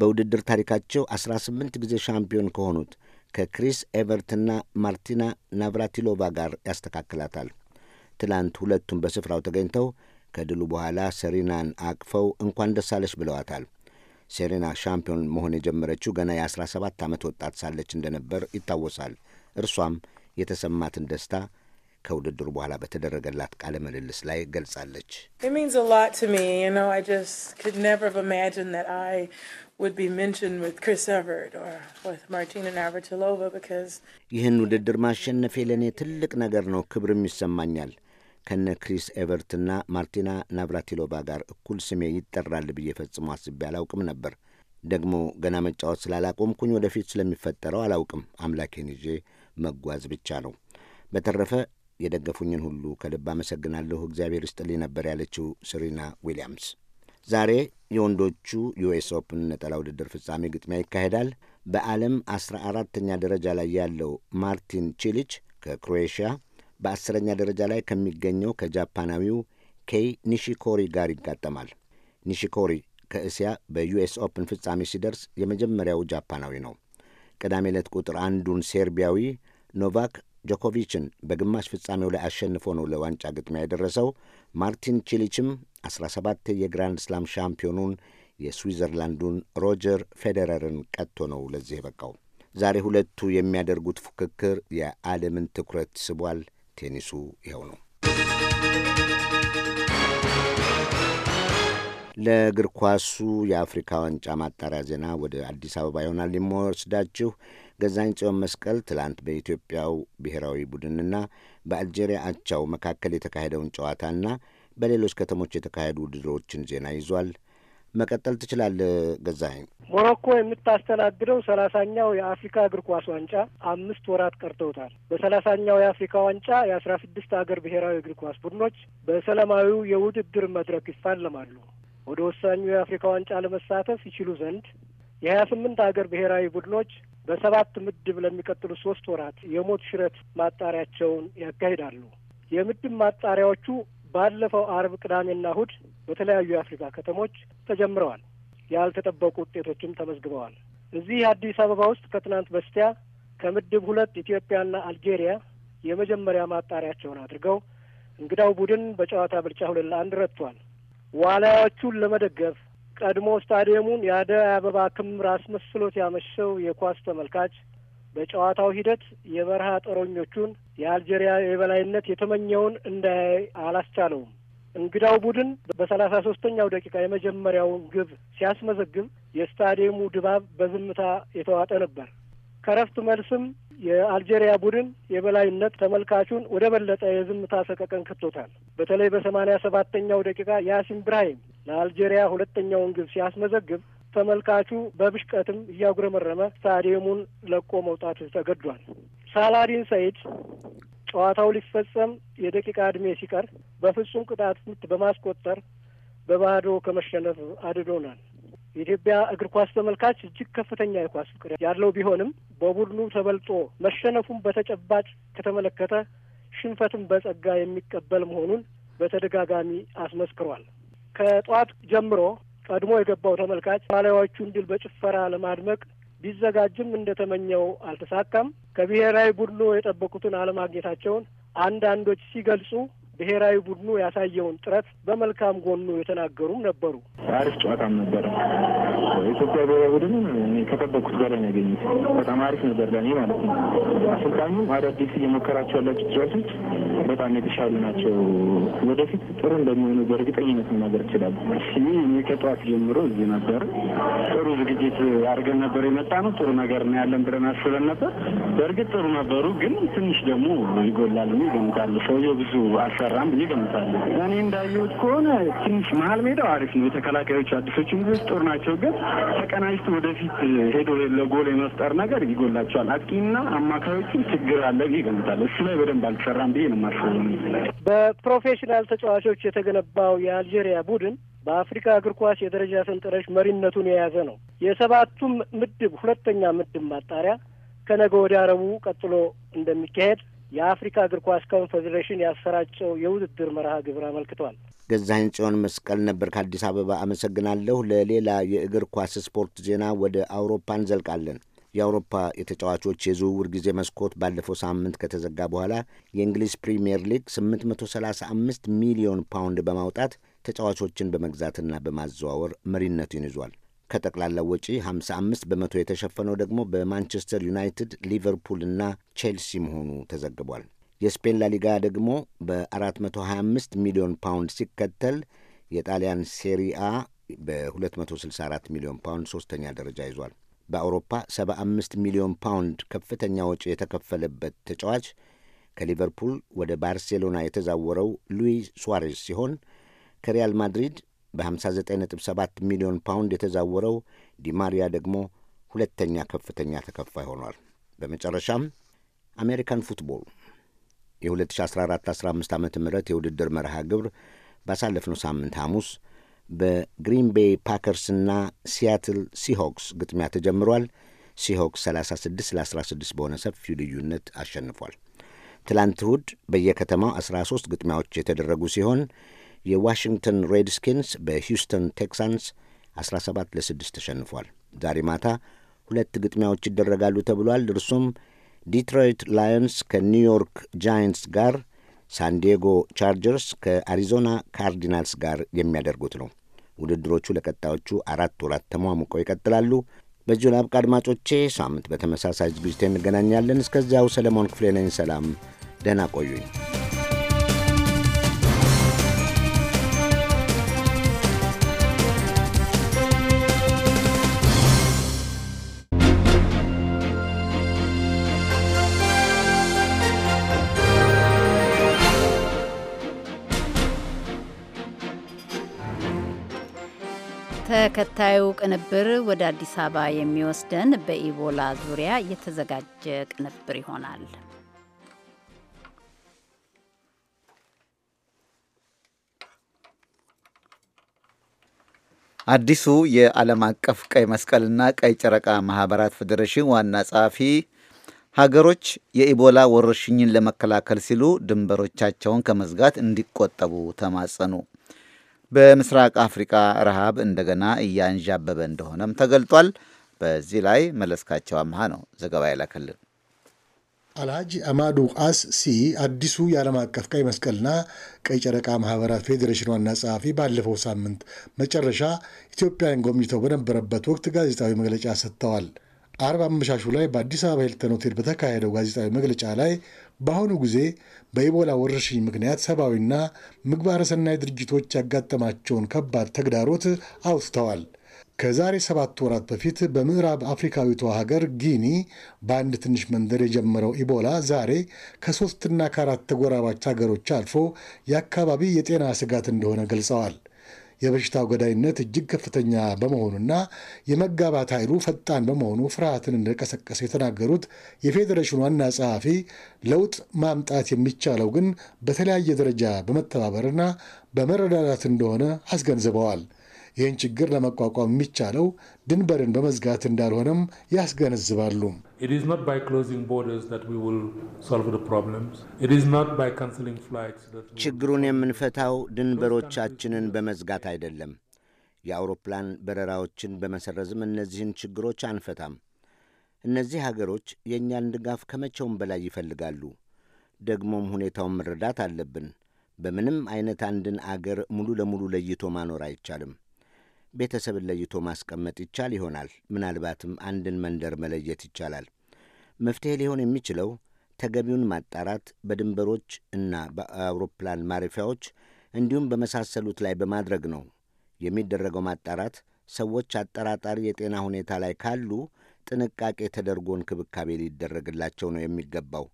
በውድድር ታሪካቸው 18 ጊዜ ሻምፒዮን ከሆኑት ከክሪስ ኤቨርትና ማርቲና ናቭራቲሎቫ ጋር ያስተካክላታል። ትላንት ሁለቱም በስፍራው ተገኝተው ከድሉ በኋላ ሰሪናን አቅፈው እንኳን ደሳለች ብለዋታል። ሴሬና ሻምፒዮን መሆን የጀመረችው ገና የ17 ዓመት ወጣት ሳለች እንደነበር ይታወሳል። እርሷም የተሰማትን ደስታ ከውድድሩ በኋላ በተደረገላት ቃለ ምልልስ ላይ ገልጻለች። ይህን ውድድር ማሸነፌ ለእኔ ትልቅ ነገር ነው፣ ክብርም ይሰማኛል። ከነ ክሪስ ኤቨርትና ማርቲና ናቭራቲሎቫ ጋር እኩል ስሜ ይጠራል ብዬ ፈጽሞ አስቤ አላውቅም ነበር። ደግሞ ገና መጫወት ስላላቆምኩኝ ወደፊት ስለሚፈጠረው አላውቅም። አምላኬን ይዤ መጓዝ ብቻ ነው። በተረፈ የደገፉኝን ሁሉ ከልብ አመሰግናለሁ፣ እግዚአብሔር ይስጥልኝ ነበር ያለችው ስሪና ዊሊያምስ። ዛሬ የወንዶቹ ዩኤስ ኦፕን ነጠላ ውድድር ፍጻሜ ግጥሚያ ይካሄዳል። በዓለም አስራ አራተኛ ደረጃ ላይ ያለው ማርቲን ቺሊች ከክሮኤሽያ በአስረኛ ደረጃ ላይ ከሚገኘው ከጃፓናዊው ኬይ ኒሺኮሪ ጋር ይጋጠማል። ኒሺኮሪ ከእስያ በዩኤስ ኦፕን ፍጻሜ ሲደርስ የመጀመሪያው ጃፓናዊ ነው። ቅዳሜ ዕለት ቁጥር አንዱን ሴርቢያዊ ኖቫክ ጆኮቪችን በግማሽ ፍጻሜው ላይ አሸንፎ ነው ለዋንጫ ግጥሚያ የደረሰው። ማርቲን ቺሊችም 17 የግራንድ ስላም ሻምፒዮኑን የስዊዘርላንዱን ሮጀር ፌዴረርን ቀጥቶ ነው ለዚህ የበቃው። ዛሬ ሁለቱ የሚያደርጉት ፉክክር የዓለምን ትኩረት ስቧል። ቴኒሱ ይኸው ነው። ለእግር ኳሱ የአፍሪካ ዋንጫ ማጣሪያ ዜና ወደ አዲስ አበባ ይሆናል የምወስዳችሁ። ገዛኝ ጽዮን መስቀል ትላንት በኢትዮጵያው ብሔራዊ ቡድንና በአልጄሪያ አቻው መካከል የተካሄደውን ጨዋታና በሌሎች ከተሞች የተካሄዱ ውድድሮችን ዜና ይዟል። መቀጠል ትችላለህ ገዛኸኝ። ሞሮኮ የምታስተናግደው ሰላሳኛው የአፍሪካ እግር ኳስ ዋንጫ አምስት ወራት ቀርተውታል። በሰላሳኛው የአፍሪካ ዋንጫ የአስራ ስድስት ሀገር ብሔራዊ እግር ኳስ ቡድኖች በሰላማዊው የውድድር መድረክ ይፋለማሉ። ወደ ወሳኙ የአፍሪካ ዋንጫ ለመሳተፍ ይችሉ ዘንድ የሀያ ስምንት ሀገር ብሔራዊ ቡድኖች በሰባት ምድብ ለሚቀጥሉ ሶስት ወራት የሞት ሽረት ማጣሪያቸውን ያካሂዳሉ። የምድብ ማጣሪያዎቹ ባለፈው አርብ፣ ቅዳሜና እሁድ በተለያዩ የአፍሪካ ከተሞች ተጀምረዋል። ያልተጠበቁ ውጤቶችም ተመዝግበዋል። እዚህ አዲስ አበባ ውስጥ ከትናንት በስቲያ ከምድብ ሁለት ኢትዮጵያና አልጄሪያ የመጀመሪያ ማጣሪያቸውን አድርገው እንግዳው ቡድን በጨዋታ ብልጫ ሁለት ለአንድ ረቷል። ዋልያዎቹን ለመደገፍ ቀድሞ ስታዲየሙን የአደይ አበባ ክምር አስመስሎት ያመሸው የኳስ ተመልካች በጨዋታው ሂደት የበረሃ ጦረኞቹን የአልጄሪያ የበላይነት የተመኘውን እንዳያይ አላስቻለውም። እንግዳው ቡድን በሰላሳ ሶስተኛው ደቂቃ የመጀመሪያውን ግብ ሲያስመዘግብ የስታዲየሙ ድባብ በዝምታ የተዋጠ ነበር። ከረፍት መልስም የአልጄሪያ ቡድን የበላይነት ተመልካቹን ወደ በለጠ የዝምታ ሰቀቀን ከቶታል። በተለይ በሰማኒያ ሰባተኛው ደቂቃ ያሲን ብራሂም ለአልጄሪያ ሁለተኛውን ግብ ሲያስመዘግብ ተመልካቹ በብሽቀትም እያጉረመረመ ስታዲየሙን ለቆ መውጣት ተገዷል። ሳላዲን ሰይድ ጨዋታው ሊፈጸም የደቂቃ ዕድሜ ሲቀር በፍጹም ቅጣት ምት በማስቆጠር በባዶ ከመሸነፍ አድዶናል። የኢትዮጵያ እግር ኳስ ተመልካች እጅግ ከፍተኛ የኳስ ፍቅር ያለው ቢሆንም በቡድኑ ተበልጦ መሸነፉን በተጨባጭ ከተመለከተ ሽንፈትን በጸጋ የሚቀበል መሆኑን በተደጋጋሚ አስመስክሯል። ከጠዋት ጀምሮ ቀድሞ የገባው ተመልካች ማሊያዎቹን ድል በጭፈራ ለማድመቅ ቢዘጋጅም እንደተመኘው አልተሳካም። ከብሔራዊ ቡድኑ የጠበቁትን አለማግኘታቸውን አንዳንዶች ሲገልጹ ብሔራዊ ቡድኑ ያሳየውን ጥረት በመልካም ጎኑ የተናገሩም ነበሩ። አሪፍ ጨዋታም ነበረ። ኢትዮጵያ ብሔራዊ ቡድን ከጠበቁት በላይ ነው ያገኙት። በጣም አሪፍ ነበር ለእኔ ማለት ነው። አሰልጣኙም አዳዲስ እየሞከራቸው ያላቸው ጥረቶች በጣም የተሻሉ ናቸው። ወደፊት ጥሩ እንደሚሆኑ በእርግጠኝነት መናገር ይችላል። ይህ እኔ ከጠዋት ጀምሮ እዚህ ነበር። ጥሩ ዝግጅት አድርገን ነበር የመጣ ነው። ጥሩ ነገር ነው ያለን ብለን አስበን ነበር። በእርግጥ ጥሩ ነበሩ፣ ግን ትንሽ ደግሞ ይጎላል ገምታለሁ። ሰውየው ብዙ አሳ አይሰራም ብዬ ገምታለሁ። እኔ እንዳየሁት ከሆነ ትንሽ መሀል ሜዳው አሪፍ ነው። የተከላካዮች አዲሶች እንግዶች ጦር ናቸው፣ ግን ተቀናጅቶ ወደፊት ሄዶ ለጎል የመፍጠር ነገር ይጎላቸዋል። አጥቂና አማካዮቹ ችግር አለ ብዬ ገምታለሁ። እሱ ላይ በደንብ አልተሰራም ብዬ ነው የማስበው። በፕሮፌሽናል ተጫዋቾች የተገነባው የአልጄሪያ ቡድን በአፍሪካ እግር ኳስ የደረጃ ሰንጠረዥ መሪነቱን የያዘ ነው። የሰባቱም ምድብ ሁለተኛ ምድብ ማጣሪያ ከነገ ወዲያ ረቡዕ ቀጥሎ እንደሚካሄድ የአፍሪካ እግር ኳስ ኮንፌዴሬሽን ፌዴሬሽን ያሰራጨው የውድድር መርሃ ግብር አመልክቷል። ገዛኸኝ ጽዮን መስቀል ነበር ከአዲስ አበባ አመሰግናለሁ። ለሌላ የእግር ኳስ ስፖርት ዜና ወደ አውሮፓ እንዘልቃለን። የአውሮፓ የተጫዋቾች የዝውውር ጊዜ መስኮት ባለፈው ሳምንት ከተዘጋ በኋላ የእንግሊዝ ፕሪምየር ሊግ 835 ሚሊዮን ፓውንድ በማውጣት ተጫዋቾችን በመግዛትና በማዘዋወር መሪነቱን ይዟል። ከጠቅላላው ወጪ 55 በመቶ የተሸፈነው ደግሞ በማንቸስተር ዩናይትድ፣ ሊቨርፑል እና ቼልሲ መሆኑ ተዘግቧል። የስፔን ላሊጋ ደግሞ በ425 ሚሊዮን ፓውንድ ሲከተል የጣሊያን ሴሪአ በ264 ሚሊዮን ፓውንድ ሶስተኛ ደረጃ ይዟል። በአውሮፓ 75 ሚሊዮን ፓውንድ ከፍተኛ ወጪ የተከፈለበት ተጫዋች ከሊቨርፑል ወደ ባርሴሎና የተዛወረው ሉዊስ ሱዋሬዝ ሲሆን ከሪያል ማድሪድ በ59.7 ሚሊዮን ፓውንድ የተዛወረው ዲማሪያ ደግሞ ሁለተኛ ከፍተኛ ተከፋይ ሆኗል። በመጨረሻም አሜሪካን ፉትቦል የ2014-15 ዓ ም የውድድር መርሃ ግብር ባሳለፍነው ሳምንት ሐሙስ በግሪን ቤይ ፓከርስና ሲያትል ሲሆክስ ግጥሚያ ተጀምሯል። ሲሆክስ 36 ለ16 በሆነ ሰፊ ልዩነት አሸንፏል። ትላንት እሁድ በየከተማው 13 ግጥሚያዎች የተደረጉ ሲሆን የዋሽንግተን ሬድስኪንስ በሂውስተን ቴክሳንስ 17 ለ6 ተሸንፏል። ዛሬ ማታ ሁለት ግጥሚያዎች ይደረጋሉ ተብሏል። እርሱም ዲትሮይት ላየንስ ከኒውዮርክ ጃይንትስ ጋር፣ ሳንዲየጎ ቻርጀርስ ከአሪዞና ካርዲናልስ ጋር የሚያደርጉት ነው። ውድድሮቹ ለቀጣዮቹ አራት ወራት ተሟሙቀው ይቀጥላሉ። በዚሁ ላብቃ አድማጮቼ። ሳምንት በተመሳሳይ ዝግጅት እንገናኛለን። እስከዚያው ሰለሞን ክፍሌ ነኝ። ሰላም፣ ደህና ቆዩኝ። ተከታዩ ቅንብር ወደ አዲስ አበባ የሚወስደን በኢቦላ ዙሪያ የተዘጋጀ ቅንብር ይሆናል። አዲሱ የዓለም አቀፍ ቀይ መስቀልና ቀይ ጨረቃ ማህበራት ፌዴሬሽን ዋና ጸሐፊ ሀገሮች የኢቦላ ወረርሽኝን ለመከላከል ሲሉ ድንበሮቻቸውን ከመዝጋት እንዲቆጠቡ ተማጸኑ። በምስራቅ አፍሪካ ረሃብ እንደገና እያንዣበበ እንደሆነም ተገልጧል። በዚህ ላይ መለስካቸው አምሃ ነው ዘገባ የላከልን። አልሃጅ አማዱ ቃስ ሲ አዲሱ የዓለም አቀፍ ቀይ መስቀልና ቀይ ጨረቃ ማህበራት ፌዴሬሽን ዋና ጸሐፊ ባለፈው ሳምንት መጨረሻ ኢትዮጵያን ጎብኝተው በነበረበት ወቅት ጋዜጣዊ መግለጫ ሰጥተዋል። አርብ አመሻሹ ላይ በአዲስ አበባ ሂልተን ሆቴል በተካሄደው ጋዜጣዊ መግለጫ ላይ በአሁኑ ጊዜ በኢቦላ ወረርሽኝ ምክንያት ሰብአዊና ምግባረ ሰናይ ድርጅቶች ያጋጠማቸውን ከባድ ተግዳሮት አውስተዋል። ከዛሬ ሰባት ወራት በፊት በምዕራብ አፍሪካዊቷ ሀገር ጊኒ በአንድ ትንሽ መንደር የጀመረው ኢቦላ ዛሬ ከሶስትና ከአራት ተጎራባች ሀገሮች አልፎ የአካባቢ የጤና ስጋት እንደሆነ ገልጸዋል። የበሽታው ገዳይነት እጅግ ከፍተኛ በመሆኑና የመጋባት ኃይሉ ፈጣን በመሆኑ ፍርሃትን እንደቀሰቀሰ የተናገሩት የፌዴሬሽኑ ዋና ጸሐፊ ለውጥ ማምጣት የሚቻለው ግን በተለያየ ደረጃ በመተባበርና በመረዳዳት እንደሆነ አስገንዝበዋል። ይህን ችግር ለመቋቋም የሚቻለው ድንበርን በመዝጋት እንዳልሆነም ያስገነዝባሉ። It is not by closing borders that we will solve the problems. It is not by canceling flights that we ችግሩን የምንፈታው ድንበሮቻችንን በመዝጋት አይደለም። የአውሮፕላን በረራዎችን በመሰረዝም እነዚህን ችግሮች አንፈታም። እነዚህ ሀገሮች የእኛን ድጋፍ ከመቼውም በላይ ይፈልጋሉ። ደግሞም ሁኔታውን መረዳት አለብን። በምንም አይነት አንድን አገር ሙሉ ለሙሉ ለይቶ ማኖር አይቻልም። ቤተሰብን ለይቶ ማስቀመጥ ይቻል ይሆናል። ምናልባትም አንድን መንደር መለየት ይቻላል። መፍትሄ ሊሆን የሚችለው ተገቢውን ማጣራት በድንበሮች እና በአውሮፕላን ማረፊያዎች እንዲሁም በመሳሰሉት ላይ በማድረግ ነው። የሚደረገው ማጣራት ሰዎች አጠራጣሪ የጤና ሁኔታ ላይ ካሉ ጥንቃቄ ተደርጎ እንክብካቤ ሊደረግላቸው ነው የሚገባው።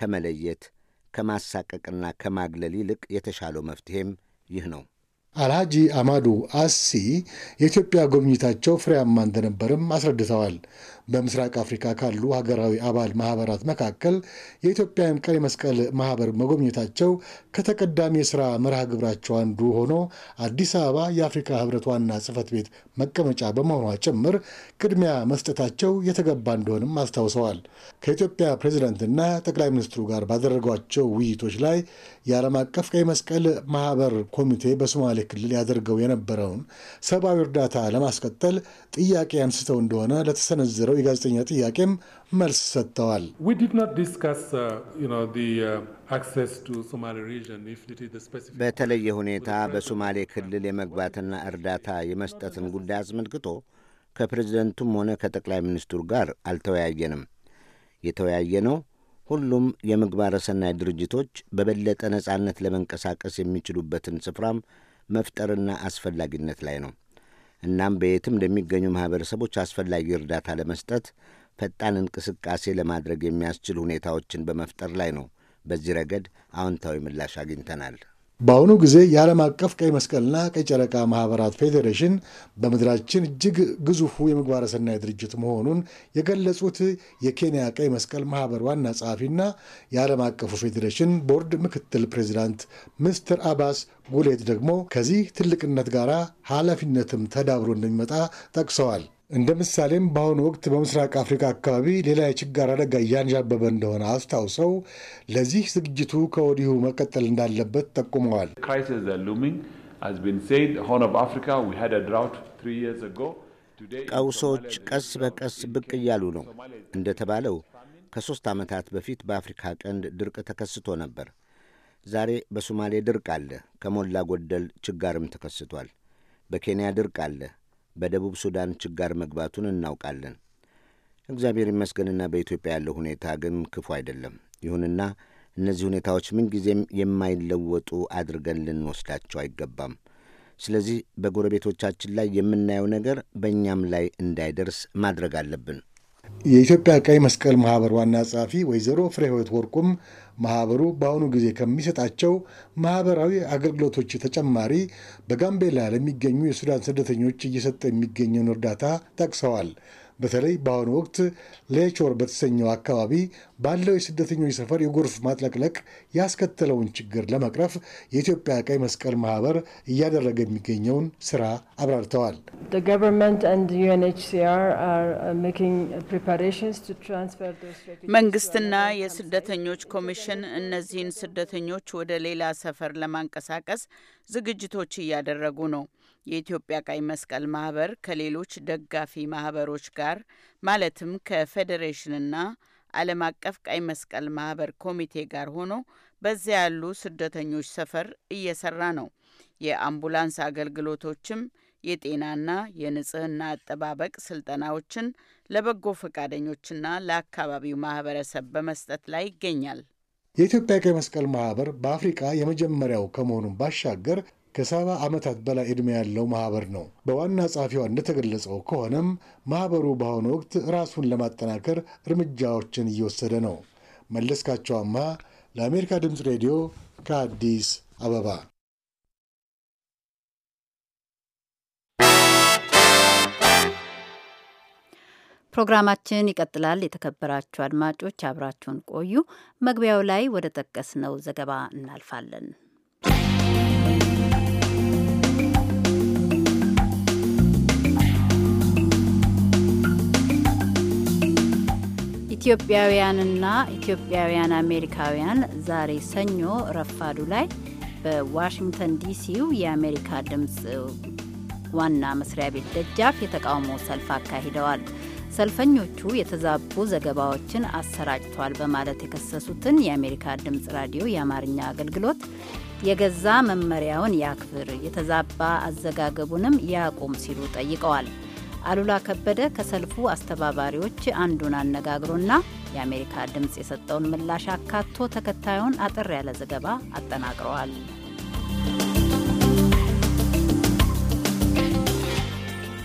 ከመለየት ከማሳቀቅና ከማግለል ይልቅ የተሻለው መፍትሄም ይህ ነው። አልሃጂ አማዱ አሲ የኢትዮጵያ ጉብኝታቸው ፍሬያማ እንደነበርም አስረድተዋል። በምስራቅ አፍሪካ ካሉ ሀገራዊ አባል ማህበራት መካከል የኢትዮጵያን ቀይ መስቀል ማህበር መጎብኘታቸው ከተቀዳሚ የሥራ መርሃ ግብራቸው አንዱ ሆኖ አዲስ አበባ የአፍሪካ ህብረት ዋና ጽህፈት ቤት መቀመጫ በመሆኗ ጭምር ቅድሚያ መስጠታቸው የተገባ እንደሆንም አስታውሰዋል። ከኢትዮጵያ ፕሬዚደንትና ጠቅላይ ሚኒስትሩ ጋር ባደረጓቸው ውይይቶች ላይ የዓለም አቀፍ ቀይ መስቀል ማህበር ኮሚቴ በሶማሌ በሶማሌ ክልል ያደርገው የነበረውን ሰብአዊ እርዳታ ለማስቀጠል ጥያቄ አንስተው እንደሆነ ለተሰነዘረው የጋዜጠኛ ጥያቄም መልስ ሰጥተዋል። uh, uh, በተለየ ሁኔታ በሶማሌ ክልል የመግባትና እርዳታ የመስጠትን ጉዳይ አስመልክቶ ከፕሬዝደንቱም ሆነ ከጠቅላይ ሚኒስትሩ ጋር አልተወያየንም። የተወያየ ነው። ሁሉም የምግባረ ሰናይ ድርጅቶች በበለጠ ነጻነት ለመንቀሳቀስ የሚችሉበትን ስፍራም መፍጠርና አስፈላጊነት ላይ ነው። እናም በየትም ለሚገኙ ማኅበረሰቦች አስፈላጊ እርዳታ ለመስጠት ፈጣን እንቅስቃሴ ለማድረግ የሚያስችል ሁኔታዎችን በመፍጠር ላይ ነው። በዚህ ረገድ አዎንታዊ ምላሽ አግኝተናል። በአሁኑ ጊዜ የዓለም አቀፍ ቀይ መስቀልና ቀይ ጨረቃ ማህበራት ፌዴሬሽን በምድራችን እጅግ ግዙፉ የምግባረ ሰናይ ድርጅት መሆኑን የገለጹት የኬንያ ቀይ መስቀል ማህበር ዋና ጸሐፊና የዓለም አቀፉ ፌዴሬሽን ቦርድ ምክትል ፕሬዚዳንት ምስትር አባስ ጉሌት ደግሞ ከዚህ ትልቅነት ጋር ኃላፊነትም ተዳብሮ እንደሚመጣ ጠቅሰዋል። እንደ ምሳሌም በአሁኑ ወቅት በምስራቅ አፍሪካ አካባቢ ሌላ የችጋር አደጋ እያንዣበበ እንደሆነ አስታውሰው ለዚህ ዝግጅቱ ከወዲሁ መቀጠል እንዳለበት ጠቁመዋል። ቀውሶች ቀስ በቀስ ብቅ እያሉ ነው። እንደተባለው ከሦስት ዓመታት በፊት በአፍሪካ ቀንድ ድርቅ ተከስቶ ነበር። ዛሬ በሶማሌ ድርቅ አለ። ከሞላ ጎደል ችጋርም ተከስቷል። በኬንያ ድርቅ አለ። በደቡብ ሱዳን ችጋር መግባቱን እናውቃለን። እግዚአብሔር ይመስገንና በኢትዮጵያ ያለው ሁኔታ ግን ክፉ አይደለም። ይሁንና እነዚህ ሁኔታዎች ምንጊዜም የማይለወጡ አድርገን ልንወስዳቸው አይገባም። ስለዚህ በጎረቤቶቻችን ላይ የምናየው ነገር በእኛም ላይ እንዳይደርስ ማድረግ አለብን። የኢትዮጵያ ቀይ መስቀል ማህበር ዋና ጸሐፊ ወይዘሮ ፍሬህይወት ወርቁም ማህበሩ በአሁኑ ጊዜ ከሚሰጣቸው ማህበራዊ አገልግሎቶች ተጨማሪ በጋምቤላ ለሚገኙ የሱዳን ስደተኞች እየሰጠ የሚገኘውን እርዳታ ጠቅሰዋል። በተለይ በአሁኑ ወቅት ለቾር በተሰኘው አካባቢ ባለው የስደተኞች ሰፈር የጎርፍ ማጥለቅለቅ ያስከተለውን ችግር ለመቅረፍ የኢትዮጵያ ቀይ መስቀል ማህበር እያደረገ የሚገኘውን ስራ አብራርተዋል። uh, መንግስትና የስደተኞች ኮሚሽን እነዚህን ስደተኞች ወደ ሌላ ሰፈር ለማንቀሳቀስ ዝግጅቶች እያደረጉ ነው። የኢትዮጵያ ቀይ መስቀል ማህበር ከሌሎች ደጋፊ ማህበሮች ጋር ማለትም ከፌዴሬሽንና ዓለም አቀፍ ቀይ መስቀል ማህበር ኮሚቴ ጋር ሆኖ በዚያ ያሉ ስደተኞች ሰፈር እየሰራ ነው። የአምቡላንስ አገልግሎቶችም የጤናና የንጽህና አጠባበቅ ስልጠናዎችን ለበጎ ፈቃደኞችና ለአካባቢው ማህበረሰብ በመስጠት ላይ ይገኛል። የኢትዮጵያ ቀይ መስቀል ማህበር በአፍሪካ የመጀመሪያው ከመሆኑን ባሻገር ከሰባ ዓመታት በላይ ዕድሜ ያለው ማህበር ነው። በዋና ጸሐፊዋ እንደተገለጸው ከሆነም ማህበሩ በአሁኑ ወቅት ራሱን ለማጠናከር እርምጃዎችን እየወሰደ ነው። መለስካቸው አማ ለአሜሪካ ድምፅ ሬዲዮ ከአዲስ አበባ ፕሮግራማችን ይቀጥላል። የተከበራችሁ አድማጮች አብራችሁን ቆዩ። መግቢያው ላይ ወደ ጠቀስነው ዘገባ እናልፋለን። ኢትዮጵያውያንና ኢትዮጵያውያን አሜሪካውያን ዛሬ ሰኞ ረፋዱ ላይ በዋሽንግተን ዲሲው የአሜሪካ ድምፅ ዋና መስሪያ ቤት ደጃፍ የተቃውሞ ሰልፍ አካሂደዋል። ሰልፈኞቹ የተዛቡ ዘገባዎችን አሰራጭቷል በማለት የከሰሱትን የአሜሪካ ድምፅ ራዲዮ የአማርኛ አገልግሎት የገዛ መመሪያውን ያክብር፣ የተዛባ አዘጋገቡንም ያቁም ሲሉ ጠይቀዋል። አሉላ ከበደ ከሰልፉ አስተባባሪዎች አንዱን አነጋግሮና የአሜሪካ ድምፅ የሰጠውን ምላሽ አካቶ ተከታዩን አጠር ያለ ዘገባ አጠናቅረዋል።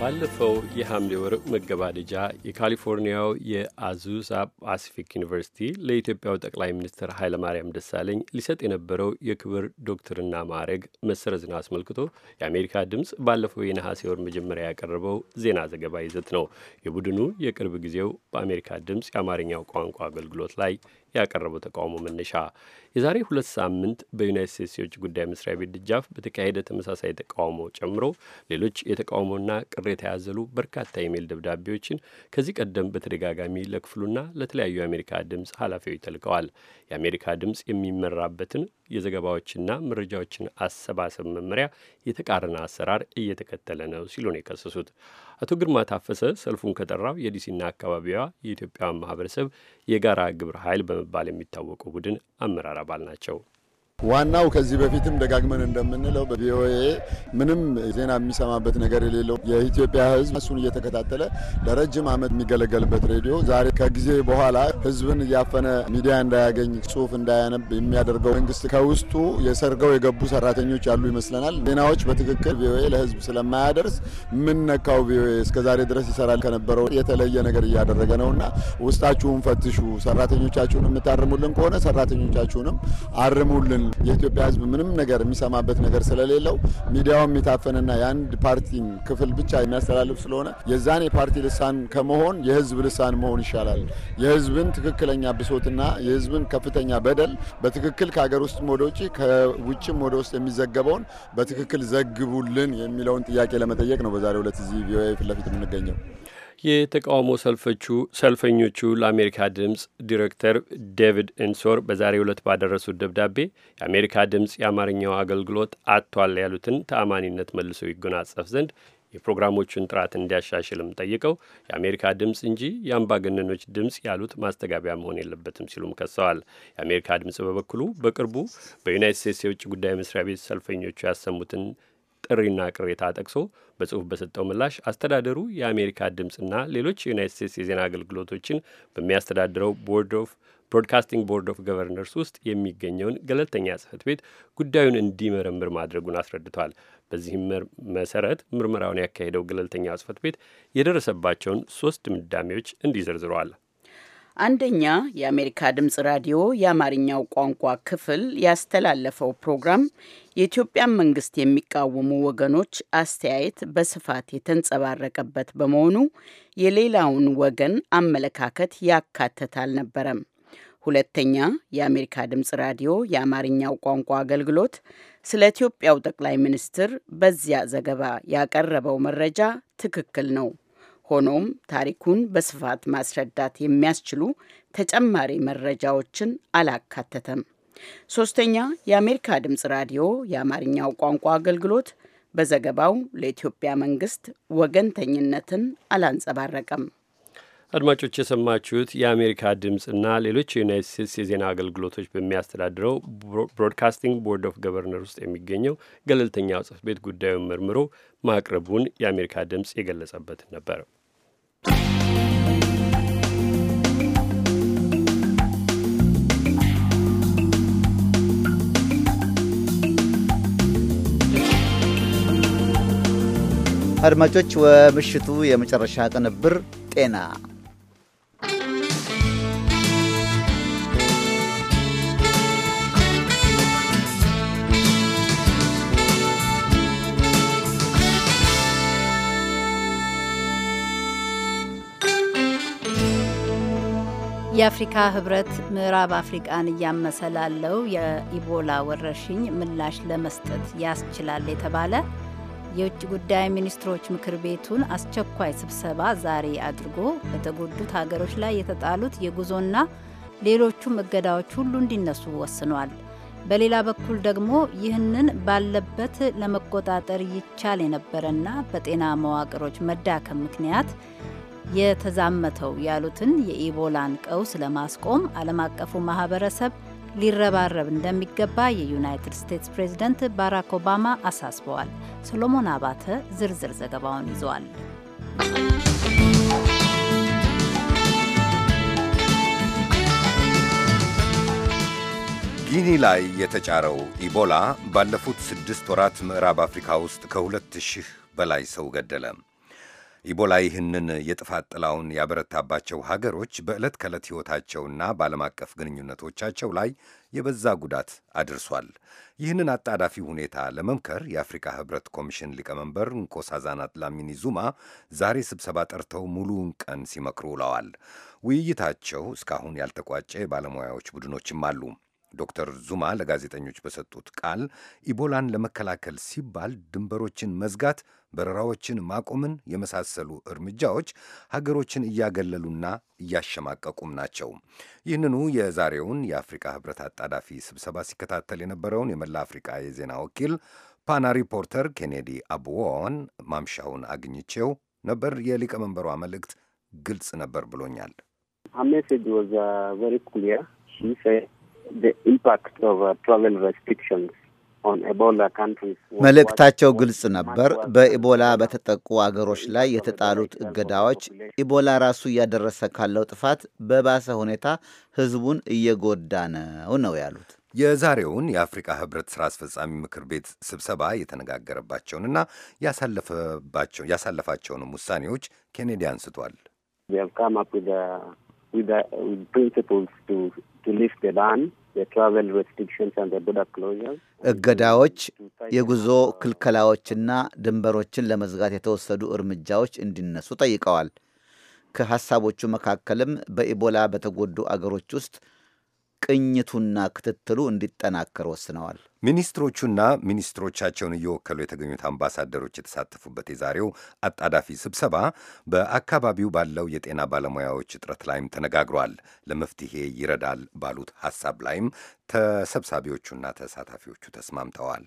ባለፈው የሐምሌ ወር መገባደጃ የካሊፎርኒያው የአዙሳ ፓሲፊክ ዩኒቨርሲቲ ለኢትዮጵያው ጠቅላይ ሚኒስትር ኃይለማርያም ደሳለኝ ሊሰጥ የነበረው የክብር ዶክትርና ማዕረግ መሰረዝን አስመልክቶ የአሜሪካ ድምፅ ባለፈው የነሐሴ ወር መጀመሪያ ያቀረበው ዜና ዘገባ ይዘት ነው። የቡድኑ የቅርብ ጊዜው በአሜሪካ ድምፅ የአማርኛው ቋንቋ አገልግሎት ላይ ያቀረበው ተቃውሞ መነሻ የዛሬ ሁለት ሳምንት በዩናይት ስቴትስ የውጭ ጉዳይ መስሪያ ቤት ድጃፍ በተካሄደ ተመሳሳይ ተቃውሞ ጨምሮ ሌሎች የተቃውሞና ቅሬታ ያዘሉ በርካታ ኢሜይል ደብዳቤዎችን ከዚህ ቀደም በተደጋጋሚ ለክፍሉና ለተለያዩ የአሜሪካ ድምፅ ኃላፊዎች ተልከዋል። የአሜሪካ ድምፅ የሚመራበትን የዘገባዎችና መረጃዎችን አሰባሰብ መመሪያ የተቃረነ አሰራር እየተከተለ ነው ሲሉ ነው የከሰሱት። አቶ ግርማ ታፈሰ ሰልፉን ከጠራው የዲሲና አካባቢዋ የኢትዮጵያ ማህበረሰብ የጋራ ግብረ ኃይል በመባል የሚታወቀው ቡድን አመራር አባል ናቸው። ዋናው ከዚህ በፊትም ደጋግመን እንደምንለው በቪኦኤ ምንም ዜና የሚሰማበት ነገር የሌለው የኢትዮጵያ ሕዝብ እሱን እየተከታተለ ለረጅም ዓመት የሚገለገልበት ሬዲዮ ዛሬ ከጊዜ በኋላ ሕዝብን እያፈነ ሚዲያ እንዳያገኝ ጽሁፍ እንዳያነብ የሚያደርገው መንግስት ከውስጡ የሰርገው የገቡ ሰራተኞች ያሉ ይመስለናል። ዜናዎች በትክክል ቪኦኤ ለሕዝብ ስለማያደርስ የምንነካው ቪኦኤ እስከዛሬ ድረስ ይሰራል ከነበረው የተለየ ነገር እያደረገ ነው እና ውስጣችሁን ፈትሹ። ሰራተኞቻችሁን የምታርሙልን ከሆነ ሰራተኞቻችሁንም አርሙልን የኢትዮጵያ ህዝብ ምንም ነገር የሚሰማበት ነገር ስለሌለው ሚዲያው የሚታፈንና የአንድ ፓርቲ ክፍል ብቻ የሚያስተላልፍ ስለሆነ የዛን የፓርቲ ልሳን ከመሆን የህዝብ ልሳን መሆን ይሻላል። የህዝብን ትክክለኛ ብሶትና የህዝብን ከፍተኛ በደል በትክክል ከሀገር ውስጥም ወደ ውጭ ከውጭም ወደ ውስጥ የሚዘገበውን በትክክል ዘግቡልን የሚለውን ጥያቄ ለመጠየቅ ነው በዛሬው ዕለት እዚህ ቪኦኤ ፊት ለፊት የምንገኘው። የተቃውሞ ሰልፈኞቹ ለአሜሪካ ድምፅ ዲሬክተር ዴቪድ እንሶር በዛሬው ዕለት ባደረሱት ደብዳቤ የአሜሪካ ድምፅ የአማርኛው አገልግሎት አጥቷል ያሉትን ተአማኒነት መልሶ ይጎናጸፍ ዘንድ የፕሮግራሞቹን ጥራት እንዲያሻሽልም ጠይቀው የአሜሪካ ድምፅ እንጂ የአምባገነኖች ድምፅ ያሉት ማስተጋቢያ መሆን የለበትም ሲሉም ከሰዋል። የአሜሪካ ድምፅ በበኩሉ በቅርቡ በዩናይት ስቴትስ የውጭ ጉዳይ መስሪያ ቤት ሰልፈኞቹ ያሰሙትን ጥሪና ቅሬታ ጠቅሶ በጽሁፍ በሰጠው ምላሽ አስተዳደሩ የአሜሪካ ድምፅና ሌሎች የዩናይት ስቴትስ የዜና አገልግሎቶችን በሚያስተዳድረው ቦርድ ኦፍ ብሮድካስቲንግ ቦርድ ኦፍ ገቨርነርስ ውስጥ የሚገኘውን ገለልተኛ ጽህፈት ቤት ጉዳዩን እንዲመረምር ማድረጉን አስረድቷል። በዚህም መሰረት ምርመራውን ያካሄደው ገለልተኛ ጽህፈት ቤት የደረሰባቸውን ሶስት ድምዳሜዎች እንዲዘርዝረዋል። አንደኛ የአሜሪካ ድምፅ ራዲዮ የአማርኛው ቋንቋ ክፍል ያስተላለፈው ፕሮግራም የኢትዮጵያን መንግስት የሚቃወሙ ወገኖች አስተያየት በስፋት የተንጸባረቀበት በመሆኑ የሌላውን ወገን አመለካከት ያካተት አልነበረም። ሁለተኛ የአሜሪካ ድምፅ ራዲዮ የአማርኛው ቋንቋ አገልግሎት ስለ ኢትዮጵያው ጠቅላይ ሚኒስትር በዚያ ዘገባ ያቀረበው መረጃ ትክክል ነው ሆኖም ታሪኩን በስፋት ማስረዳት የሚያስችሉ ተጨማሪ መረጃዎችን አላካተተም። ሶስተኛ የአሜሪካ ድምፅ ራዲዮ የአማርኛው ቋንቋ አገልግሎት በዘገባው ለኢትዮጵያ መንግስት ወገንተኝነትን አላንጸባረቀም። አድማጮች የሰማችሁት የአሜሪካ ድምፅ እና ሌሎች የዩናይት ስቴትስ የዜና አገልግሎቶች በሚያስተዳድረው ብሮድካስቲንግ ቦርድ ኦፍ ገቨርነር ውስጥ የሚገኘው ገለልተኛው ጽሕፈት ቤት ጉዳዩን መርምሮ ማቅረቡን የአሜሪካ ድምፅ የገለጸበት ነበር። አድማጮች፣ በምሽቱ የመጨረሻ ቅንብር ጤና የአፍሪካ ህብረት ምዕራብ አፍሪቃን እያመሰላለው የኢቦላ ወረርሽኝ ምላሽ ለመስጠት ያስችላል የተባለ የውጭ ጉዳይ ሚኒስትሮች ምክር ቤቱን አስቸኳይ ስብሰባ ዛሬ አድርጎ በተጎዱት ሀገሮች ላይ የተጣሉት የጉዞና ሌሎቹም እገዳዎች ሁሉ እንዲነሱ ወስኗል። በሌላ በኩል ደግሞ ይህንን ባለበት ለመቆጣጠር ይቻል የነበረና በጤና መዋቅሮች መዳከም ምክንያት የተዛመተው ያሉትን የኢቦላን ቀውስ ለማስቆም ዓለም አቀፉ ማህበረሰብ ሊረባረብ እንደሚገባ የዩናይትድ ስቴትስ ፕሬዝደንት ባራክ ኦባማ አሳስበዋል። ሰሎሞን አባተ ዝርዝር ዘገባውን ይዟል። ጊኒ ላይ የተጫረው ኢቦላ ባለፉት ስድስት ወራት ምዕራብ አፍሪካ ውስጥ ከሁለት ሺህ በላይ ሰው ገደለ። ኢቦላ ይህንን የጥፋት ጥላውን ያበረታባቸው ሀገሮች በዕለት ከዕለት ሕይወታቸውና በዓለም አቀፍ ግንኙነቶቻቸው ላይ የበዛ ጉዳት አድርሷል። ይህንን አጣዳፊ ሁኔታ ለመምከር የአፍሪካ ህብረት ኮሚሽን ሊቀመንበር ንኮሳዛና ድላሚኒ ዙማ ዛሬ ስብሰባ ጠርተው ሙሉውን ቀን ሲመክሩ ውለዋል። ውይይታቸው እስካሁን ያልተቋጨ የባለሙያዎች ቡድኖችም አሉ። ዶክተር ዙማ ለጋዜጠኞች በሰጡት ቃል ኢቦላን ለመከላከል ሲባል ድንበሮችን መዝጋት፣ በረራዎችን ማቆምን የመሳሰሉ እርምጃዎች ሀገሮችን እያገለሉና እያሸማቀቁም ናቸው። ይህንኑ የዛሬውን የአፍሪካ ህብረት አጣዳፊ ስብሰባ ሲከታተል የነበረውን የመላ አፍሪካ የዜና ወኪል ፓና ሪፖርተር ኬኔዲ አቡዋን ማምሻውን አግኝቼው ነበር። የሊቀመንበሯ መልእክት ግልጽ ነበር ብሎኛል። Uh, መልእክታቸው ግልጽ ነበር። በኢቦላ በተጠቁ አገሮች ላይ የተጣሉት እገዳዎች ኢቦላ ራሱ እያደረሰ ካለው ጥፋት በባሰ ሁኔታ ህዝቡን እየጎዳ ነው ነው ያሉት። የዛሬውን የአፍሪካ ህብረት ስራ አስፈጻሚ ምክር ቤት ስብሰባ የተነጋገረባቸውንና ያሳለፋቸውንም ውሳኔዎች ኬኔዲ አንስቷል። እገዳዎች፣ የጉዞ ክልከላዎችና ድንበሮችን ለመዝጋት የተወሰዱ እርምጃዎች እንዲነሱ ጠይቀዋል። ከሐሳቦቹ መካከልም በኢቦላ በተጎዱ አገሮች ውስጥ ቅኝቱና ክትትሉ እንዲጠናከር ወስነዋል። ሚኒስትሮቹና ሚኒስትሮቻቸውን እየወከሉ የተገኙት አምባሳደሮች የተሳተፉበት የዛሬው አጣዳፊ ስብሰባ በአካባቢው ባለው የጤና ባለሙያዎች እጥረት ላይም ተነጋግሯል። ለመፍትሄ ይረዳል ባሉት ሀሳብ ላይም ተሰብሳቢዎቹና ተሳታፊዎቹ ተስማምተዋል።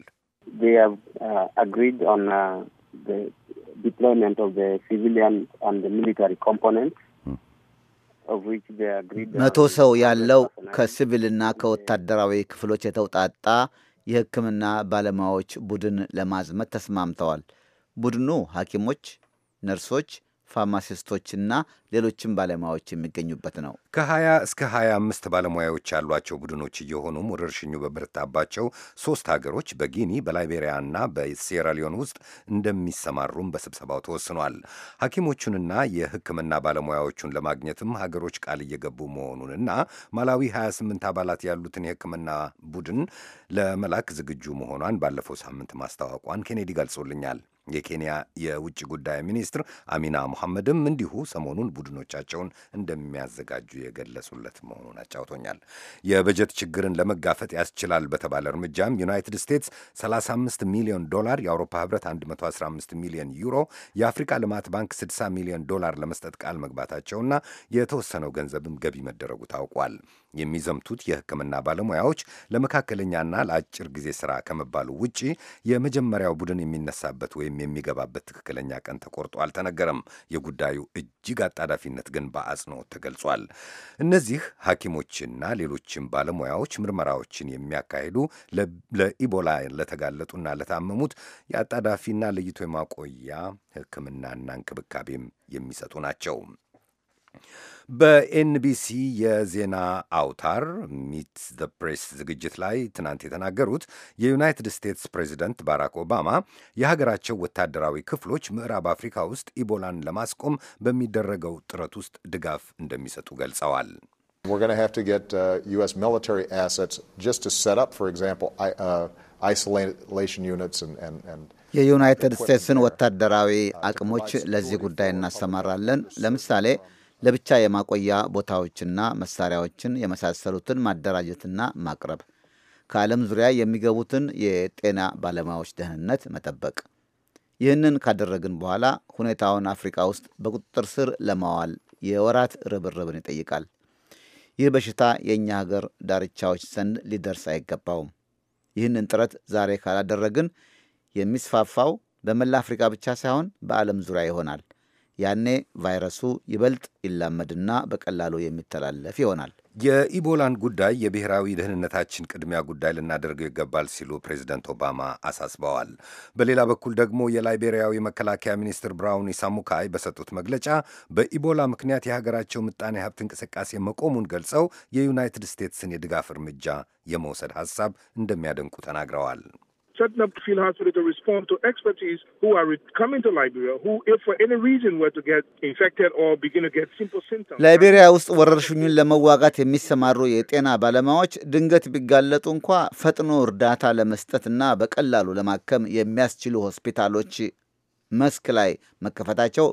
ዲፕሎይመንት ኦፍ ሲቪሊያን ሚሊታሪ ኮምፖነንት መቶ ሰው ያለው ከሲቪልና ከወታደራዊ ክፍሎች የተውጣጣ የሕክምና ባለሙያዎች ቡድን ለማዝመት ተስማምተዋል። ቡድኑ ሐኪሞች፣ ነርሶች፣ ፋርማሲስቶችና ሌሎችም ባለሙያዎች የሚገኙበት ነው። ከ20 እስከ 25 ባለሙያዎች ያሏቸው ቡድኖች እየሆኑም ወረርሽኙ በበረታባቸው ሶስት ሀገሮች በጊኒ በላይቤሪያና በሴራሊዮን ውስጥ እንደሚሰማሩም በስብሰባው ተወስኗል። ሐኪሞቹንና የሕክምና ባለሙያዎቹን ለማግኘትም ሀገሮች ቃል እየገቡ መሆኑንና ማላዊ 28 አባላት ያሉትን የሕክምና ቡድን ለመላክ ዝግጁ መሆኗን ባለፈው ሳምንት ማስታወቋን ኬኔዲ ገልጾልኛል። የኬንያ የውጭ ጉዳይ ሚኒስትር አሚና ሙሐመድም እንዲሁ ሰሞኑን ቡድኖቻቸውን እንደሚያዘጋጁ የገለጹለት መሆኑን አጫውቶኛል። የበጀት ችግርን ለመጋፈጥ ያስችላል በተባለ እርምጃም ዩናይትድ ስቴትስ 35 ሚሊዮን ዶላር፣ የአውሮፓ ህብረት 115 ሚሊዮን ዩሮ፣ የአፍሪካ ልማት ባንክ 60 ሚሊዮን ዶላር ለመስጠት ቃል መግባታቸውና የተወሰነው ገንዘብም ገቢ መደረጉ ታውቋል። የሚዘምቱት የሕክምና ባለሙያዎች ለመካከለኛና ለአጭር ጊዜ ስራ ከመባሉ ውጪ የመጀመሪያው ቡድን የሚነሳበት ወይም የሚገባበት ትክክለኛ ቀን ተቆርጦ አልተነገረም። የጉዳዩ እጅግ አጣዳፊነት ግን በአጽንኦት ተገልጿል። እነዚህ ሐኪሞችና ሌሎችም ባለሙያዎች ምርመራዎችን የሚያካሂዱ ለኢቦላ ለተጋለጡና ለታመሙት የአጣዳፊና ለይቶ የማቆያ ሕክምናና እንክብካቤም የሚሰጡ ናቸው። በኤንቢሲ የዜና አውታር ሚት ዘ ፕሬስ ዝግጅት ላይ ትናንት የተናገሩት የዩናይትድ ስቴትስ ፕሬዚደንት ባራክ ኦባማ የሀገራቸው ወታደራዊ ክፍሎች ምዕራብ አፍሪካ ውስጥ ኢቦላን ለማስቆም በሚደረገው ጥረት ውስጥ ድጋፍ እንደሚሰጡ ገልጸዋል። uh, የዩናይትድ ስቴትስን uh, ወታደራዊ አቅሞች ለዚህ ጉዳይ እናሰማራለን። ለምሳሌ ለብቻ የማቆያ ቦታዎችና መሳሪያዎችን የመሳሰሉትን ማደራጀትና ማቅረብ፣ ከዓለም ዙሪያ የሚገቡትን የጤና ባለሙያዎች ደህንነት መጠበቅ። ይህንን ካደረግን በኋላ ሁኔታውን አፍሪካ ውስጥ በቁጥጥር ስር ለማዋል የወራት ርብርብን ይጠይቃል። ይህ በሽታ የእኛ ሀገር ዳርቻዎች ዘንድ ሊደርስ አይገባውም። ይህንን ጥረት ዛሬ ካላደረግን የሚስፋፋው በመላ አፍሪካ ብቻ ሳይሆን በዓለም ዙሪያ ይሆናል። ያኔ ቫይረሱ ይበልጥ ይላመድና በቀላሉ የሚተላለፍ ይሆናል። የኢቦላን ጉዳይ የብሔራዊ ደህንነታችን ቅድሚያ ጉዳይ ልናደርገው ይገባል ሲሉ ፕሬዚደንት ኦባማ አሳስበዋል። በሌላ በኩል ደግሞ የላይቤሪያዊ መከላከያ ሚኒስትር ብራውን ኢሳሙካይ በሰጡት መግለጫ በኢቦላ ምክንያት የሀገራቸው ምጣኔ ሀብት እንቅስቃሴ መቆሙን ገልጸው የዩናይትድ ስቴትስን የድጋፍ እርምጃ የመውሰድ ሀሳብ እንደሚያደንቁ ተናግረዋል። setting up field hospital to respond to expertise who are coming to Liberia who, if for any reason, were to get infected or begin to get simple symptoms. ላይቤሪያ ውስጥ ወረርሽኙን ለመዋጋት የሚሰማሩ የጤና ባለሙያዎች ድንገት ቢጋለጡ እንኳ ፈጥኖ እርዳታ ለመስጠትና በቀላሉ ለማከም የሚያስችሉ ሆስፒታሎች መስክ ላይ መከፈታቸው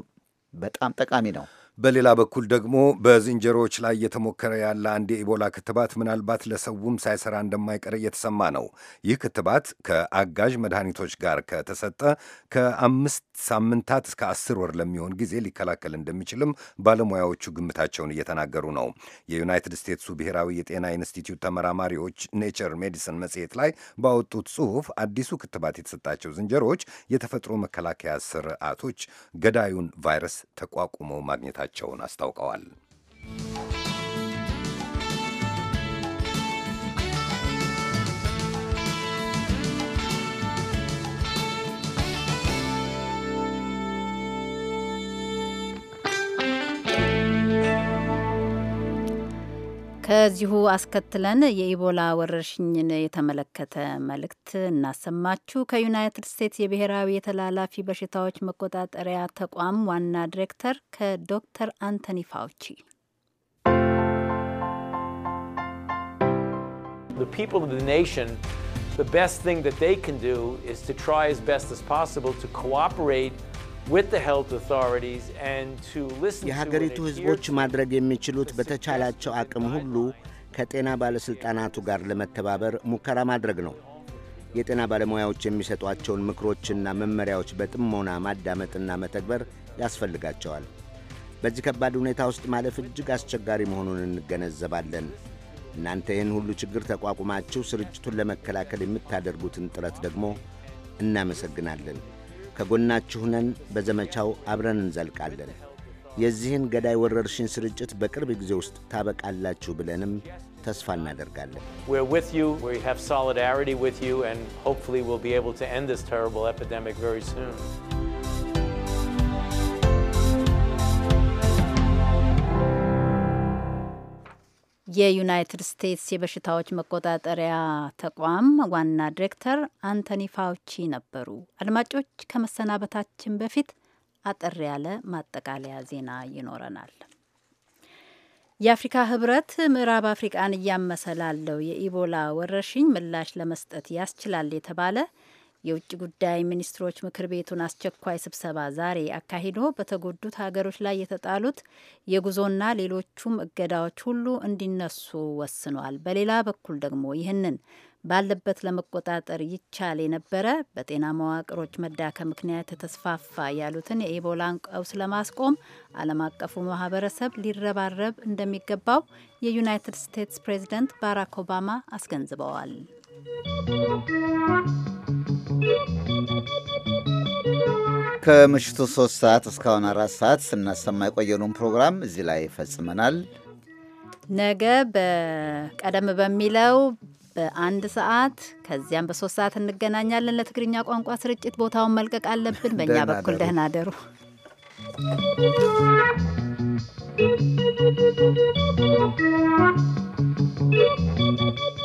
በጣም ጠቃሚ ነው። በሌላ በኩል ደግሞ በዝንጀሮዎች ላይ እየተሞከረ ያለ አንድ የኢቦላ ክትባት ምናልባት ለሰውም ሳይሰራ እንደማይቀር እየተሰማ ነው። ይህ ክትባት ከአጋዥ መድኃኒቶች ጋር ከተሰጠ ከአምስት ሳምንታት እስከ አስር ወር ለሚሆን ጊዜ ሊከላከል እንደሚችልም ባለሙያዎቹ ግምታቸውን እየተናገሩ ነው። የዩናይትድ ስቴትሱ ብሔራዊ የጤና ኢንስቲትዩት ተመራማሪዎች ኔቸር ሜዲሲን መጽሔት ላይ ባወጡት ጽሑፍ አዲሱ ክትባት የተሰጣቸው ዝንጀሮዎች የተፈጥሮ መከላከያ ስርዓቶች ገዳዩን ቫይረስ ተቋቁመው ማግኘታቸውን አስታውቀዋል። ከዚሁ አስከትለን የኢቦላ ወረርሽኝን የተመለከተ መልእክት እናሰማችሁ። ከዩናይትድ ስቴትስ የብሔራዊ የተላላፊ በሽታዎች መቆጣጠሪያ ተቋም ዋና ዲሬክተር ከዶክተር አንቶኒ ፋውቺ The best thing that they can do is to try as best as possible to cooperate የሀገሪቱ ሕዝቦች ማድረግ የሚችሉት በተቻላቸው አቅም ሁሉ ከጤና ባለሥልጣናቱ ጋር ለመተባበር ሙከራ ማድረግ ነው። የጤና ባለሙያዎች የሚሰጧቸውን ምክሮችና መመሪያዎች በጥሞና ማዳመጥና መተግበር ያስፈልጋቸዋል። በዚህ ከባድ ሁኔታ ውስጥ ማለፍ እጅግ አስቸጋሪ መሆኑን እንገነዘባለን። እናንተ ይህን ሁሉ ችግር ተቋቁማችሁ ስርጭቱን ለመከላከል የምታደርጉትን ጥረት ደግሞ እናመሰግናለን። ከጎናችሁ ነን። በዘመቻው አብረን እንዘልቃለን። የዚህን ገዳይ ወረርሽኝ ስርጭት በቅርብ ጊዜ ውስጥ ታበቃላችሁ ብለንም ተስፋ እናደርጋለን። ሶሊዳሪቲ የዩናይትድ ስቴትስ የበሽታዎች መቆጣጠሪያ ተቋም ዋና ዲሬክተር አንቶኒ ፋውቺ ነበሩ። አድማጮች ከመሰናበታችን በፊት አጠር ያለ ማጠቃለያ ዜና ይኖረናል። የአፍሪካ ህብረት ምዕራብ አፍሪቃን እያመሰላለው የኢቦላ ወረርሽኝ ምላሽ ለመስጠት ያስችላል የተባለ የውጭ ጉዳይ ሚኒስትሮች ምክር ቤቱን አስቸኳይ ስብሰባ ዛሬ አካሂዶ በተጎዱት ሀገሮች ላይ የተጣሉት የጉዞና ሌሎቹም እገዳዎች ሁሉ እንዲነሱ ወስኗል። በሌላ በኩል ደግሞ ይህንን ባለበት ለመቆጣጠር ይቻል የነበረ በጤና መዋቅሮች መዳከም ምክንያት የተስፋፋ ያሉትን የኢቦላን ቀውስ ለማስቆም ዓለም አቀፉ ማህበረሰብ ሊረባረብ እንደሚገባው የዩናይትድ ስቴትስ ፕሬዚደንት ባራክ ኦባማ አስገንዝበዋል። ከምሽቱ ሶስት ሰዓት እስካሁን አራት ሰዓት ስናሰማ የቆየኑን ፕሮግራም እዚህ ላይ ፈጽመናል። ነገ በቀደም በሚለው በአንድ ሰዓት ከዚያም በሶስት ሰዓት እንገናኛለን። ለትግርኛ ቋንቋ ስርጭት ቦታውን መልቀቅ አለብን። በእኛ በኩል ደህና አደሩ። Thank you.